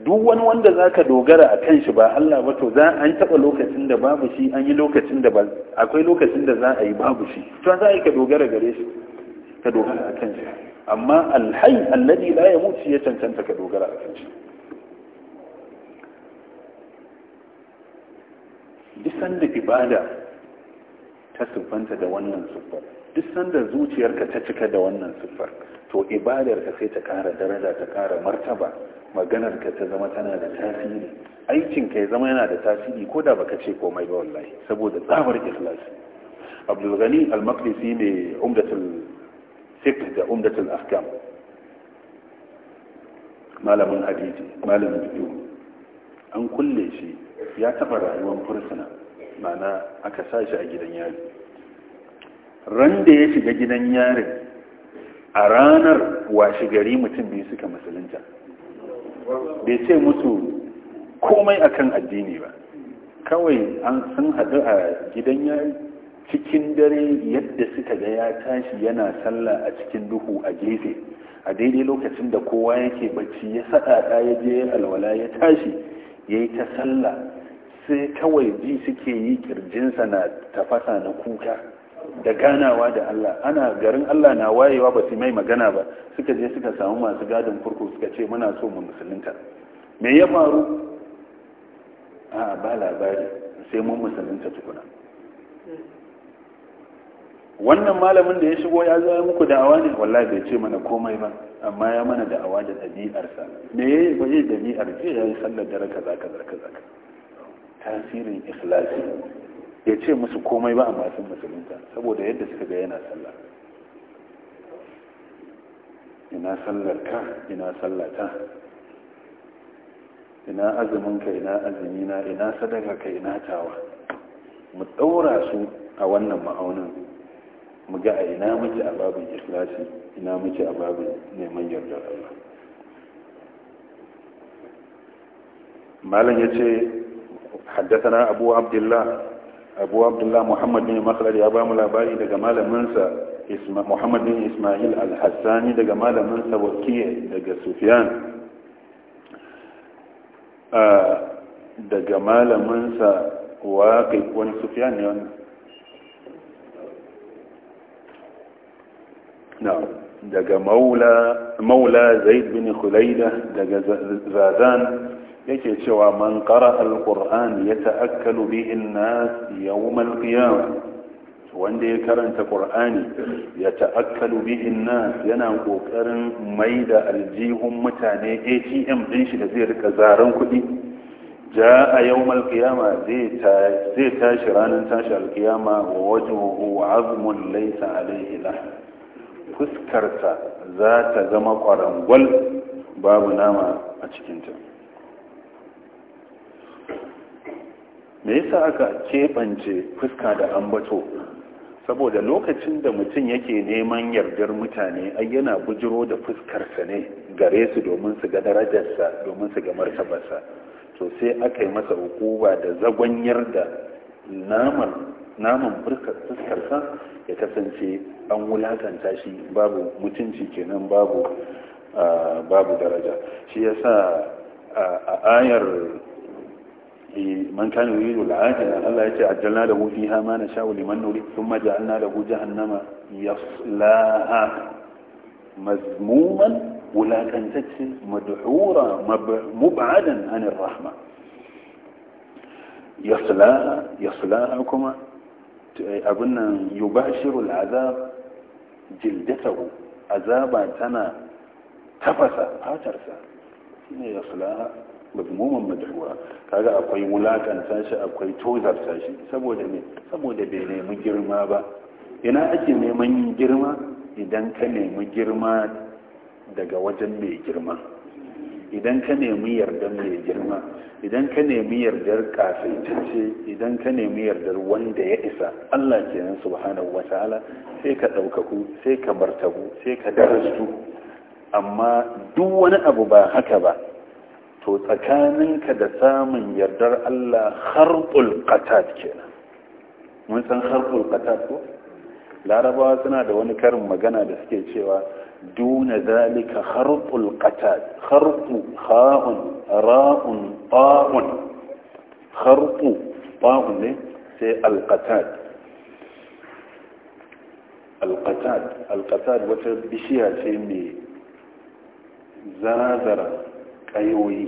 duk wani wanda zaka dogara a kan shi ba Allah ba to za an taba lokacin da babu shi an yi lokacin da ba akwai lokacin da za a yi babu shi to za a yi ka dogara gare shi ka dogara a kan shi amma hayy alladhi la yamut shi ya cancanta ka dogara a kan shi duk sanda ibada ta siffanta da wannan siffar duk sanda zuciyarka ta cika da wannan siffar to ibadarka sai ta kara daraja ta kara martaba maganarka ta zama tana da tasiri aikinka ya zama yana da tasiri ko da baka ce komai ba wallahi saboda tsabar ikhlasi abdul ghani al-maqdisi ne umdatul fiqh da umdatul ahkam malamin hadisi malamin fiqh an kulle shi ya taɓa rayuwar fursuna mana aka sa shi a gidan yari ran da ya shiga gidan yari a ranar washe gari mutum biyu suka musulunta bai ce musu komai akan addini ba kawai an sun haɗu a gidan yari cikin dare yadda suka ga ya tashi yana sallah a cikin duhu a gefe a daidai lokacin da kowa yake bacci ya saɗaɗa ya je alwala ya tashi ya yi ta sallah sai kawai ji suke yi kirjinsa na tafasa na kuka da ganawa da Allah ana garin Allah na wayewa ba su mai magana ba suka je suka samu masu gadin kurku suka ce muna so mu musulunta me ya faru a ba labari sai mun musulunta tukuna wannan malamin da ya shigo ya zama muku da'awa ne wallahi bai ce mana komai ba amma ya mana da awa da ɗabi'arsa me ya yi yayi dabi'ar ce ya yi sallar dare kaza kaza kaza tasirin ikhlasi ya ce musu komai ba amma sun musulunta saboda yadda suka ga yana sallah ina sallar ka ina sallata ina azumin ka ina azumina ina sadaka ka ina tawa mu ɗaura su a wannan ma'aunin mu ga a ina muke a babin ikhlasi ina muke a babin neman yardar Allah malam ya ce haddathana abu abdullah abu abdullah muhammad bin makhlad ya ba mu labari daga malaminsa muhammad bin ismail al-hassani daga malaminsa wakiyya daga sufyan daga malaminsa waƙi wani sufyan ne wannan daga maula zaid bin khulaida daga zazan yake cewa man qara alquran yata'akkalu bihi nas yawm qiyamah wanda ya karanta ƙur'ani ya ta'akkalu bihin nas yana mai maida aljihun mutane ATM ɗin shi da zai rika zaren kuɗi ja a al-qiyamah zai tashi ranar tashi Alƙiyama qiyama wa wajhuhu azmun laysa alayhi fuskarsa za ta zama ƙwarangwal babu nama a cikinta me yasa aka keɓance fuska da ambato saboda lokacin da mutum yake neman yardar mutane ai yana bujiro da fuskarsa ne gare su domin su ga darajarsa domin su ga martabarsa to sai aka yi masa hukuba da zagwanyar da naman. namun burka fuskarsa ya kasance an wulatanta shi babu mutunci kenan babu babu daraja shi yasa a ayar man kana yuridu al-ajila Allah yace ajalna lahu fiha ma nasha'u liman nurid thumma ja'alna lahu jahannama yaslaha mazmuman wulakantacce madhura mub'adan an ar-rahma yaslaha yaslaha kuma abin yubashirul azab jildatahu azaba tana tafasa fatarsa shine ya sulaha mazmuman madhuwa kaga akwai mulakan shi akwai tozar shi saboda me saboda bai nemi girma ba ina ake neman girma idan ka nemi girma daga wajen mai girma idan ka nemi yardar mai girma idan ka nemi yardar kafaitacce idan ka nemi yardar wanda ya isa Allah kenan subhanahu wataala sai ka ɗaukaku sai ka martabu sai ka darastu amma duk wani abu ba haka ba to tsakaninka da samun yardar Allah harqul ke nan. mun san har qatat ko larabawa suna da wani karin magana da suke cewa دون ذلك خرط القتال خرط خاء راء طاء خرط طاء ne sai alqatad alqatad alqatad wata bishiya ce mai zazara kayoyi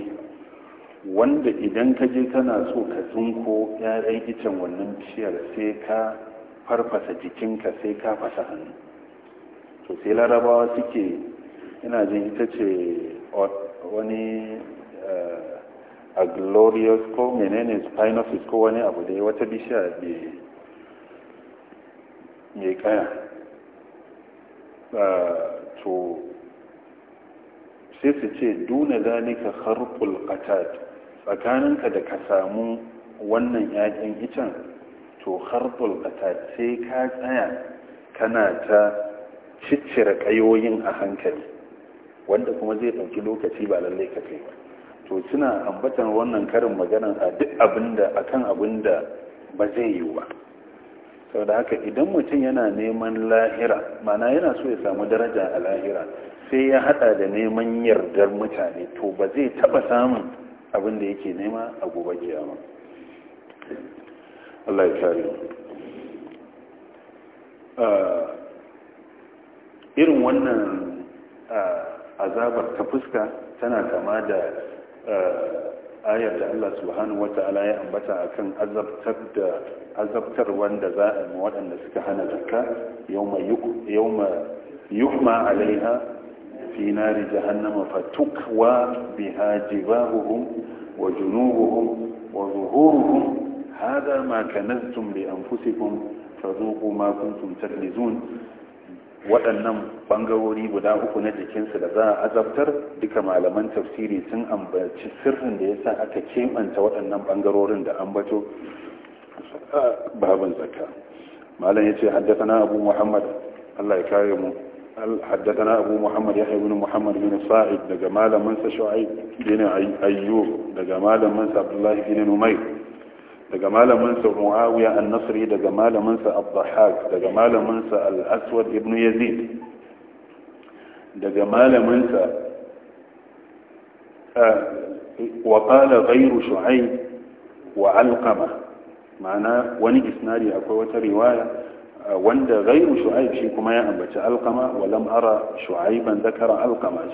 wanda idan ka je kana so ka tsinko 'ya'yan icen wannan bishiyar sai ka farfasa jikinka sai ka fasa hannu to sai larabawa suke ina jin ita ce wani eh, a glorious ko menene spinosis ko wani abu da wata bishiya mai kaya eh, to sai su ce duna zalika harkul qatat tsakaninka da ka samu wannan yakin icen to harkul qatat sai ka tsaya kana ta ciccire ƙayoyin a hankali wanda kuma zai ɗauki lokaci ba lallai ka kai ba to suna ambatan wannan karin maganar a duk abin da, a kan abin da ba zai yiwu ba sau da haka idan mutum yana neman lahira mana yana so ya samu daraja a lahira sai ya hada da neman yardar mutane to ba zai taba samun abin da yake nema a gobe kiyama Allah ya kare irin wannan azabar ta fuska tana kama da ayar da Allah subhanahu wa ta'ala ya ambata akan azabtar da azabtar wanda za a yi waɗanda suka hana zakka yawma yuhma alaiha fi nari jahannama fatukwa biha jibahuhum wa junubuhum wa zuhuruhum هذا ما كنزتم لأنفسكم فذوقوا ما كنتم تكنزون waɗannan bangarori guda uku na jikinsu da za a azabtar duka malaman tafsiri sun ambaci sirrin da ya sa aka keɓanta waɗannan bangarorin da ambato babin zakka malam ya ce haddasa abu muhammad allah ya kare mu حدثنا abu Muhammad ya بن محمد Muhammad صاعد لجمال daga malamansa بن أيوب لجمال daga malamansa Abdullahi بن daga malaminsa muawiya an-nasri daga malaminsa abdahak daga malaminsa al-aswad ibn yazid daga malaminsa eh, wa qala ghayru shu'ayb wa ma'ana wani isnadi akwai wata riwaya eh, wanda gairu shu'ayb shi kuma ya ambaci alkama wa lam ara shu'ayban dhakara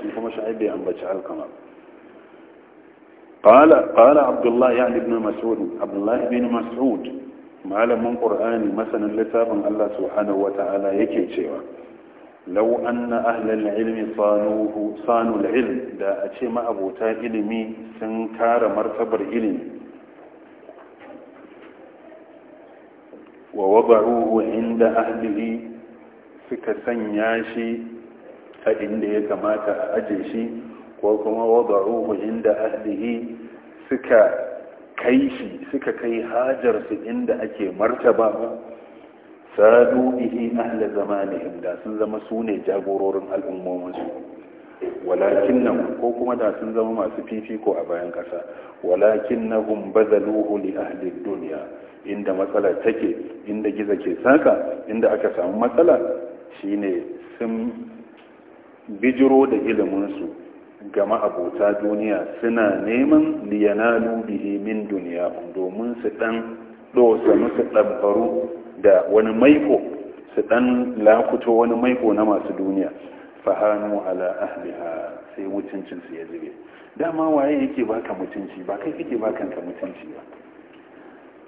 shi kuma shu'ayb bai ambaci alkama. قال قال bin Mas'ud, malamin ƙur'ani masanin littafin Allah subhanahu wata'ala yake cewa lau anna ahlal ilmi sanuhu sanul ilm da a ce ma'abota ilimi sun kare martabar ilimi wa wada'uhu inda ahlihi suka sanya shi a inda ya kamata a aje shi ko kuma wada'uhu inda ahlihi suka kai shi suka kai hajar su inda ake martaba sadu bihi ahli zamanihim da sun zama su ne jagororin al'ummomin su walakin ko kuma da sun zama masu fifiko a bayan kasa walakin na badaluhu li ahli dunya inda matsala take inda giza ke saka inda aka samu matsala shine sun bijiro da iliminsu ga ma'abota duniya suna neman liyanalu bihi min duniya domin su dan dosa musu ɗabbaru da wani maiko su dan lakuto wani maiko na masu duniya fahanu ala ahliha sai mutuncin su ya zube dama waye yake baka mutunci ba kai kake bakan ka mutunci ba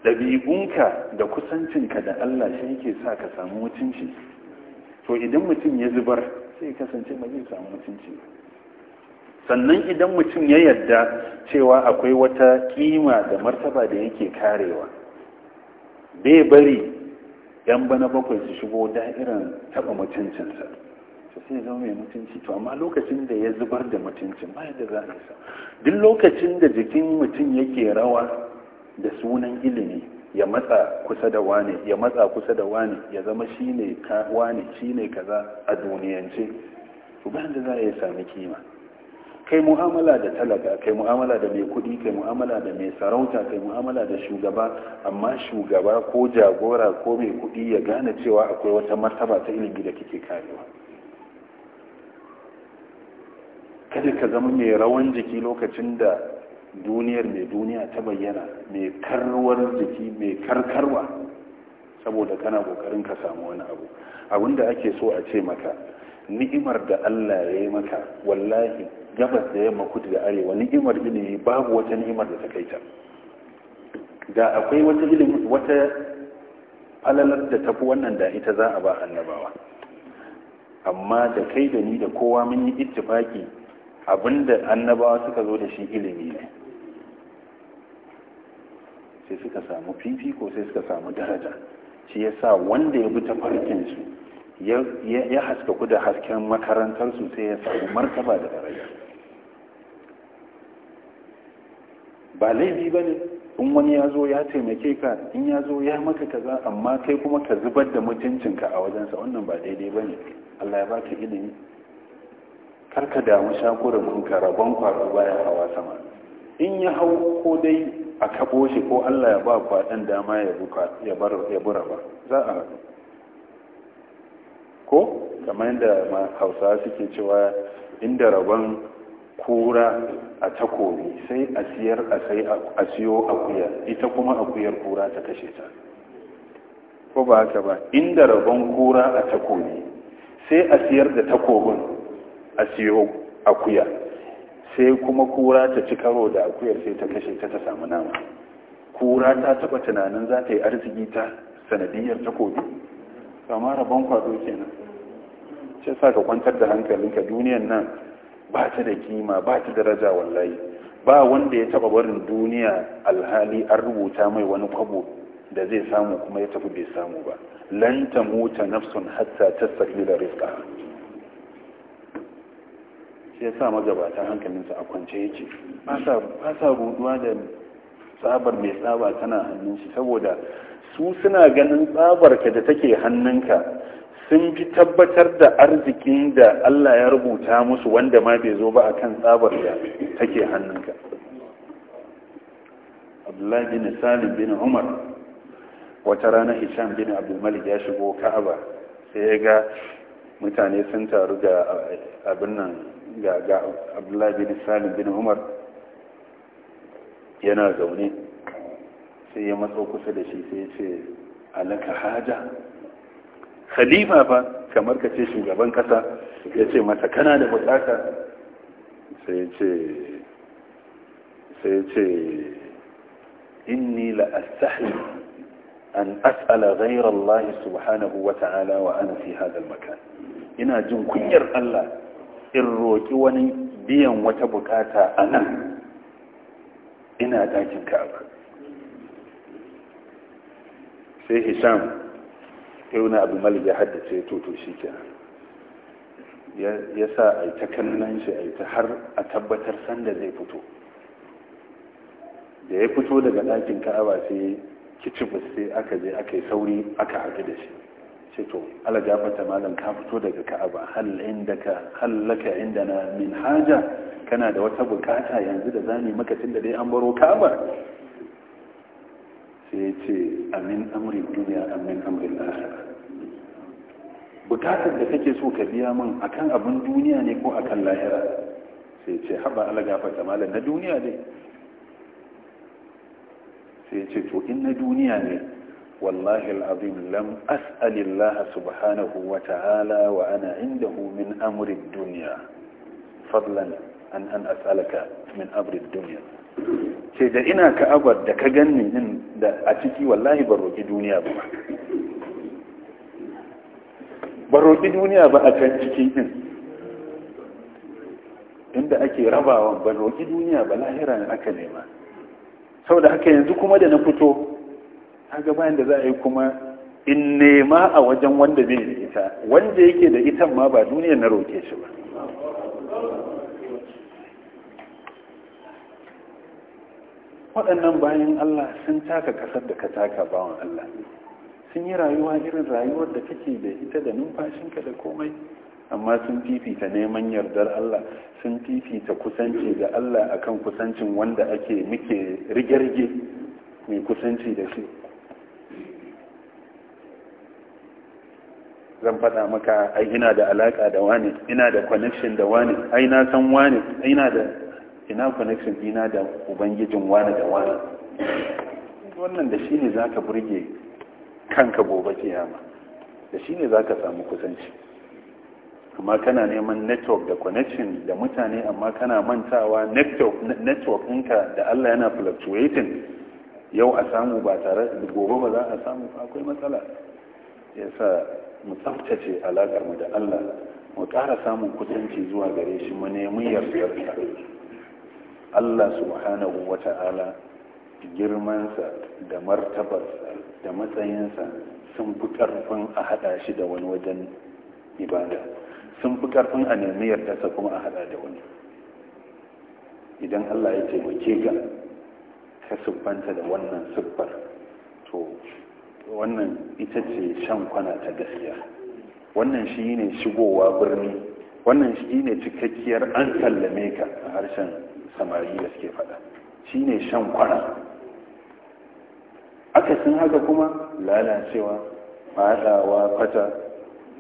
ɗabi'unka da kusancinka da Allah shi yake sa ka samu mutunci to idan mutum ya zubar sai kasance ba zai samu mutunci ba sannan idan mutum ya yarda cewa akwai wata kima da martaba da yake karewa bai bari yan bana bakwai su shigo da'irin taba mutuncinsa su sai zama mai mutunci to amma lokacin da ya zubar da mutuncin ba da za a sa duk lokacin da jikin mutum yake rawa da sunan ilimi ya matsa kusa da wane ya matsa kusa da wane ya zama shi ka wane kaza a duniyance to ba da za a yi sami kima kai mu'amala da talaka kai mu'amala da mai kudi, kai mu'amala da mai sarauta kai mu'amala da shugaba amma shugaba ko jagora ko mai kudi ya gane cewa akwai wata martaba ta ilimi da kike karewa kada ka zama mai rawan jiki lokacin da duniyar mai duniya ta bayyana mai karwar jiki mai karkarwa saboda kana kokarin ka samu wani abu abinda ake so a ce maka ni'imar da Allah ya yi maka wallahi gabas da yamma kudu da arewa ni'imar ilimi babu wata ni'imar da ta kai ta da akwai wata ilimi wata alalar da tafi wannan da ita za a ba annabawa amma da kai da ni da kowa mun yi ittifaki abinda annabawa suka zo da shi ilimi ne sai suka samu fifiko sai suka samu daraja shi yasa wanda ya bi ta farkin su ya haska ku da hasken makarantarsu sai ya samu martaba da daraja ba laifi ba ne in wani ya zo ya taimake ka in ya zo ya maka kaza amma kai kuma ka zubar da mutuncinka a wajensa wannan ba daidai ba ne allah ya baka ilimi karka damu shakurin ka rabon kwaro baya hawa sama in ya hau ko dai a kabo shi ko allah ya ba kwaɗan dama ya bura ba za a ko kamar yadda hausawa suke cewa inda rabon kura a takobi sai a siyar a siyo akuya ita kuma akuyar kura ta kashe ta ko ba haka ba inda rabon kura a takobi sai a siyar da takobin a siyo akuya sai kuma kura ta ci karo da akuyar sai ta kashe ta ta samu nama kura ta taba tunanin za ta yi arziki ta sanadiyar takobi kama rabon kwado kenan sai sa ka kwantar da hankalinka duniyan nan ba ta da kima ba ta daraja wallahi ba wanda ya taba barin duniya alhali an rubuta mai wani kwabo da zai samu kuma ya tafi bai samu ba lan mota nafsun hatta da rizka shi sa magabata hankalinsa a kwance yake ba sa ruduwa da tsabar mai tsaba tana hannun shi saboda su suna ganin tsabarka da take hannunka sun fi tabbatar da arzikin da Allah ya rubuta musu wanda ma bai zo ba a kan tsabar da take hannunka abdullahi bin salim bin umar wata rana hisham bin abdulmalik ya shigo ka'aba sai ya ga mutane sun taru ga abin nan ga abdullahi bin salim bin umar yana zaune sai ya matso kusa da shi sai ya ce alaka haja khalifa fa kamar ka ce shugaban kasa ya ce masa kana da bukata sai ce sai ce inni la an as'ala ghayra Allah subhanahu wa ta'ala wa ana fi makan ina jin kunyar Allah in roƙi wani biyan wata bukata a nan ina dakin ka'aba sai hisham sai wani abu malik ya haddace ya toto shi ke ya sa a yi ta kallon shi a ta har a tabbatar sanda zai fito da ya fito daga ɗakin ka'aba sai kicibus sai aka je aka yi sauri aka haɗu da shi ce to ala gafata malam ka fito daga ka'aba hal indaka hallaka na min haja kana da wata bukata yanzu da zani maka da dai an baro ka'aba sai ce amin amrin duniya amin amrin akhirah bukatar da kake so ka biya min akan abin duniya ne ko akan lahira sai ce haɓa ala gafarta malam na duniya ne sai ce to in na duniya ne wallahi al'azim lam as'alillah subhanahu wa ta'ala wa ana inda min amrin duniya fadlan an an as'alaka min amri dunya ce da ina ka'abar da ka ganni din da a ciki wallahi ban roki duniya ba ban roki duniya ba a can ciki din inda ake rabawa ban roki duniya ba lahira ne aka nema saboda haka yanzu kuma da na fito kaga bayan da za a yi kuma in nema a wajen wanda zai da ita wanda yake da ita ma ba duniyar na roke shi ba waɗannan bayan Allah sun taka ƙasar da ka taka bawan Allah sun yi rayuwa irin rayuwar da kake da ita da numfashinka da komai amma sun fifita neman yardar Allah sun fifita kusanci da Allah akan kusancin wanda ake muke rige-rige mai kusanci da shi zan faɗa maka ai ina da alaƙa da wani ina da connection da wani ai na san wani ina da ina connection dina da ubangijin wani da wani wannan da shi ne za ka burge kanka gobe kiyama da shi ne za ka samu kusanci amma kana neman network da connection da mutane amma kana mantawa network ɗinka da allah yana fluctuating yau a samu ba tare da gobe ba za a samu akwai matsala yasa sa mu tsaftace mu da allah mu ƙara samun kusanci zuwa gare shi mu nemi yardar Allah subhanahu wa ta'ala girmansa da martabarsa da matsayinsa sun fi ƙarfin a haɗa shi da wani wajen ibada sun fi ƙarfin a nemi yardarsa kuma a haɗa da wani idan Allah ya taimake ka ka subbanta da wannan siffar to wannan ita ce shan kwana ta gaskiya wannan shi ne shigowa birni wannan shi ne cikakkiyar an sallame ka a harshen samari da suke faɗa shine shan kwana akasin haka kuma lalacewa faɗawa fata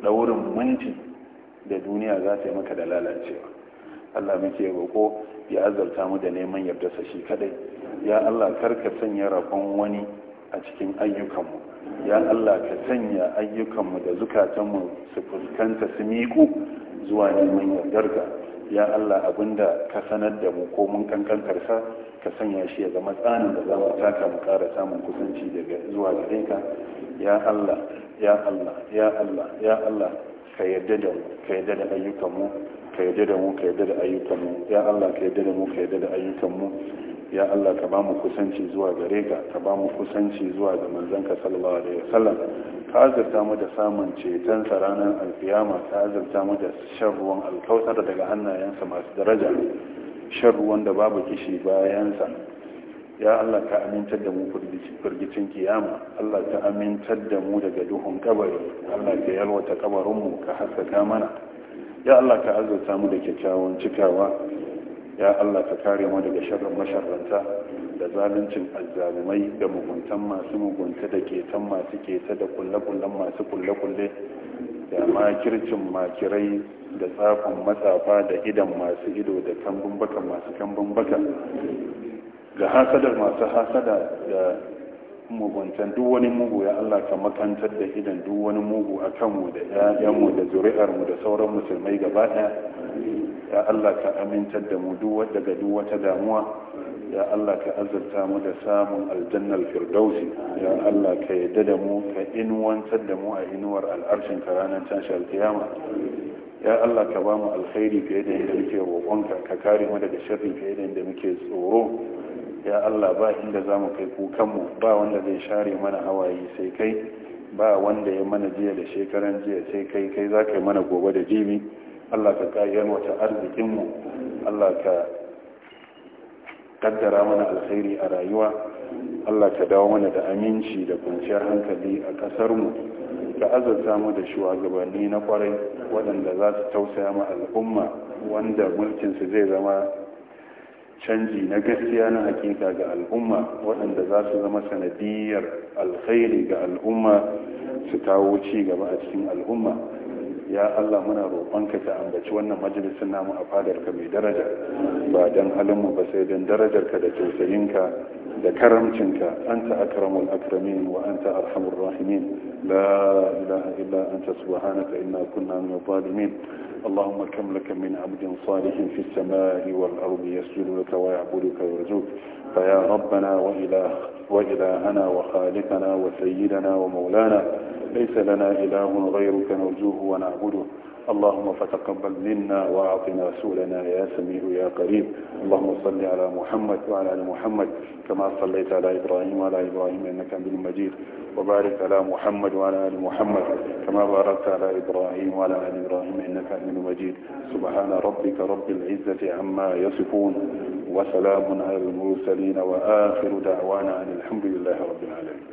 ɗaurin minti da duniya za ta yi maka da lalacewa Allah muke roko ya azarta mu da neman sa shi kadai ya Allah karka sanya rabon wani a cikin ayyukanmu ya Allah ka sanya ayyukanmu da zukatanmu su fuskanta su miku zuwa neman yardarka ya Allah abinda ka sanar da mu ko mun karsa ka sanya shi ya zama tsanin da za mu taka mu ƙara samun kusanci daga zuwa gare ka ya Allah ya Allah ya Allah ya Allah ka yarda da mu ka yarda da ayyukan mu ka yarda da mu ka yarda da ayyukan mu ya Allah ka yarda da mu ka yarda da ayyukan mu ya Allah ka ba mu kusanci zuwa gare ka ka ba mu kusanci zuwa ga manzanka sallallahu alaihi wasallam ka azurta mu da samun ceton saranan ranar ka azurta mu da shan ruwan alkautar daga hannayensa masu daraja shan ruwan da babu kishi bayansa ya Allah ka amintar da mu firgicin kiyama Allah ka amintar da mu daga duhun kabari Allah ka yalwata kabarinmu ka haskaka mana ya Allah ka azurta mu da kyakkyawan cikawa ya Allah ka kare mu daga sharrin masharranta da zaluncin azzalumai da muguntan masu mugunta da ketan masu keta da kulle-kullen masu kulle-kulle da makircin makirai da tsafin matsafa da idan masu ido da kambun baka masu kambun baka ga hasadar masu hasada da muguntan duk wani mugu ya Allah ka makantar da idan duk wani mugu a kanmu da 'ya'yanmu da zuri'armu da sauran musulmai gaba ɗaya ya Allah ka amintar da mu duwa daga wata damuwa ya Allah ka azurta mu da samun aljannal firdausi ya Allah ka yadda da mu ka inuwantar da mu a inuwar al'arshin ka ranar tashi alkiyama ya Allah ka ba mu alkhairi fiye da muke roƙonka ka kare mu daga sharri fiye da muke tsoro ya Allah ba inda za mu kai kukanmu ba wanda zai share mana hawaye sai kai ba wanda ya mana jiya da shekaran jiya sai kai kai za ka yi mana gobe da jibi Allah ka kayan wata arzikinmu Allah ka kaddara mana alkhairi a rayuwa Allah ka dawo mana da aminci da kwanciyar hankali a ƙasarmu ka azurta mu da shugabanni na kwarai waɗanda za su tausaya ma al'umma wanda mulkinsu zai zama canji na gaskiya na hakika ga al'umma waɗanda za su zama sanadiyar alkhairi ga al'umma su kawo ci gaba a cikin al'umma ya Allah muna roƙonka ka ambaci wannan majalisin namu a fadarka mai daraja ba don halinmu ba sai don darajarka da tausayinka لكرمتك أنت أكرم الأكرمين وأنت أرحم الراحمين لا إله إلا أنت سبحانك إنا كنا من الظالمين اللهم كم لك من عبد صالح في السماء والأرض يسجد لك ويعبدك ويرجوك فيا ربنا وإله وإلهنا وخالقنا وسيدنا ومولانا ليس لنا إله غيرك نرجوه ونعبده اللهم فتقبل منا واعطنا رسولنا يا سميع يا قريب اللهم صل على محمد وعلى ال محمد كما صليت على ابراهيم وعلى ابراهيم انك حميد مجيد وبارك على محمد وعلى ال محمد كما باركت على ابراهيم وعلى ال ابراهيم انك حميد مجيد سبحان ربك رب العزه عما يصفون وسلام على المرسلين واخر دعوانا ان الحمد لله رب العالمين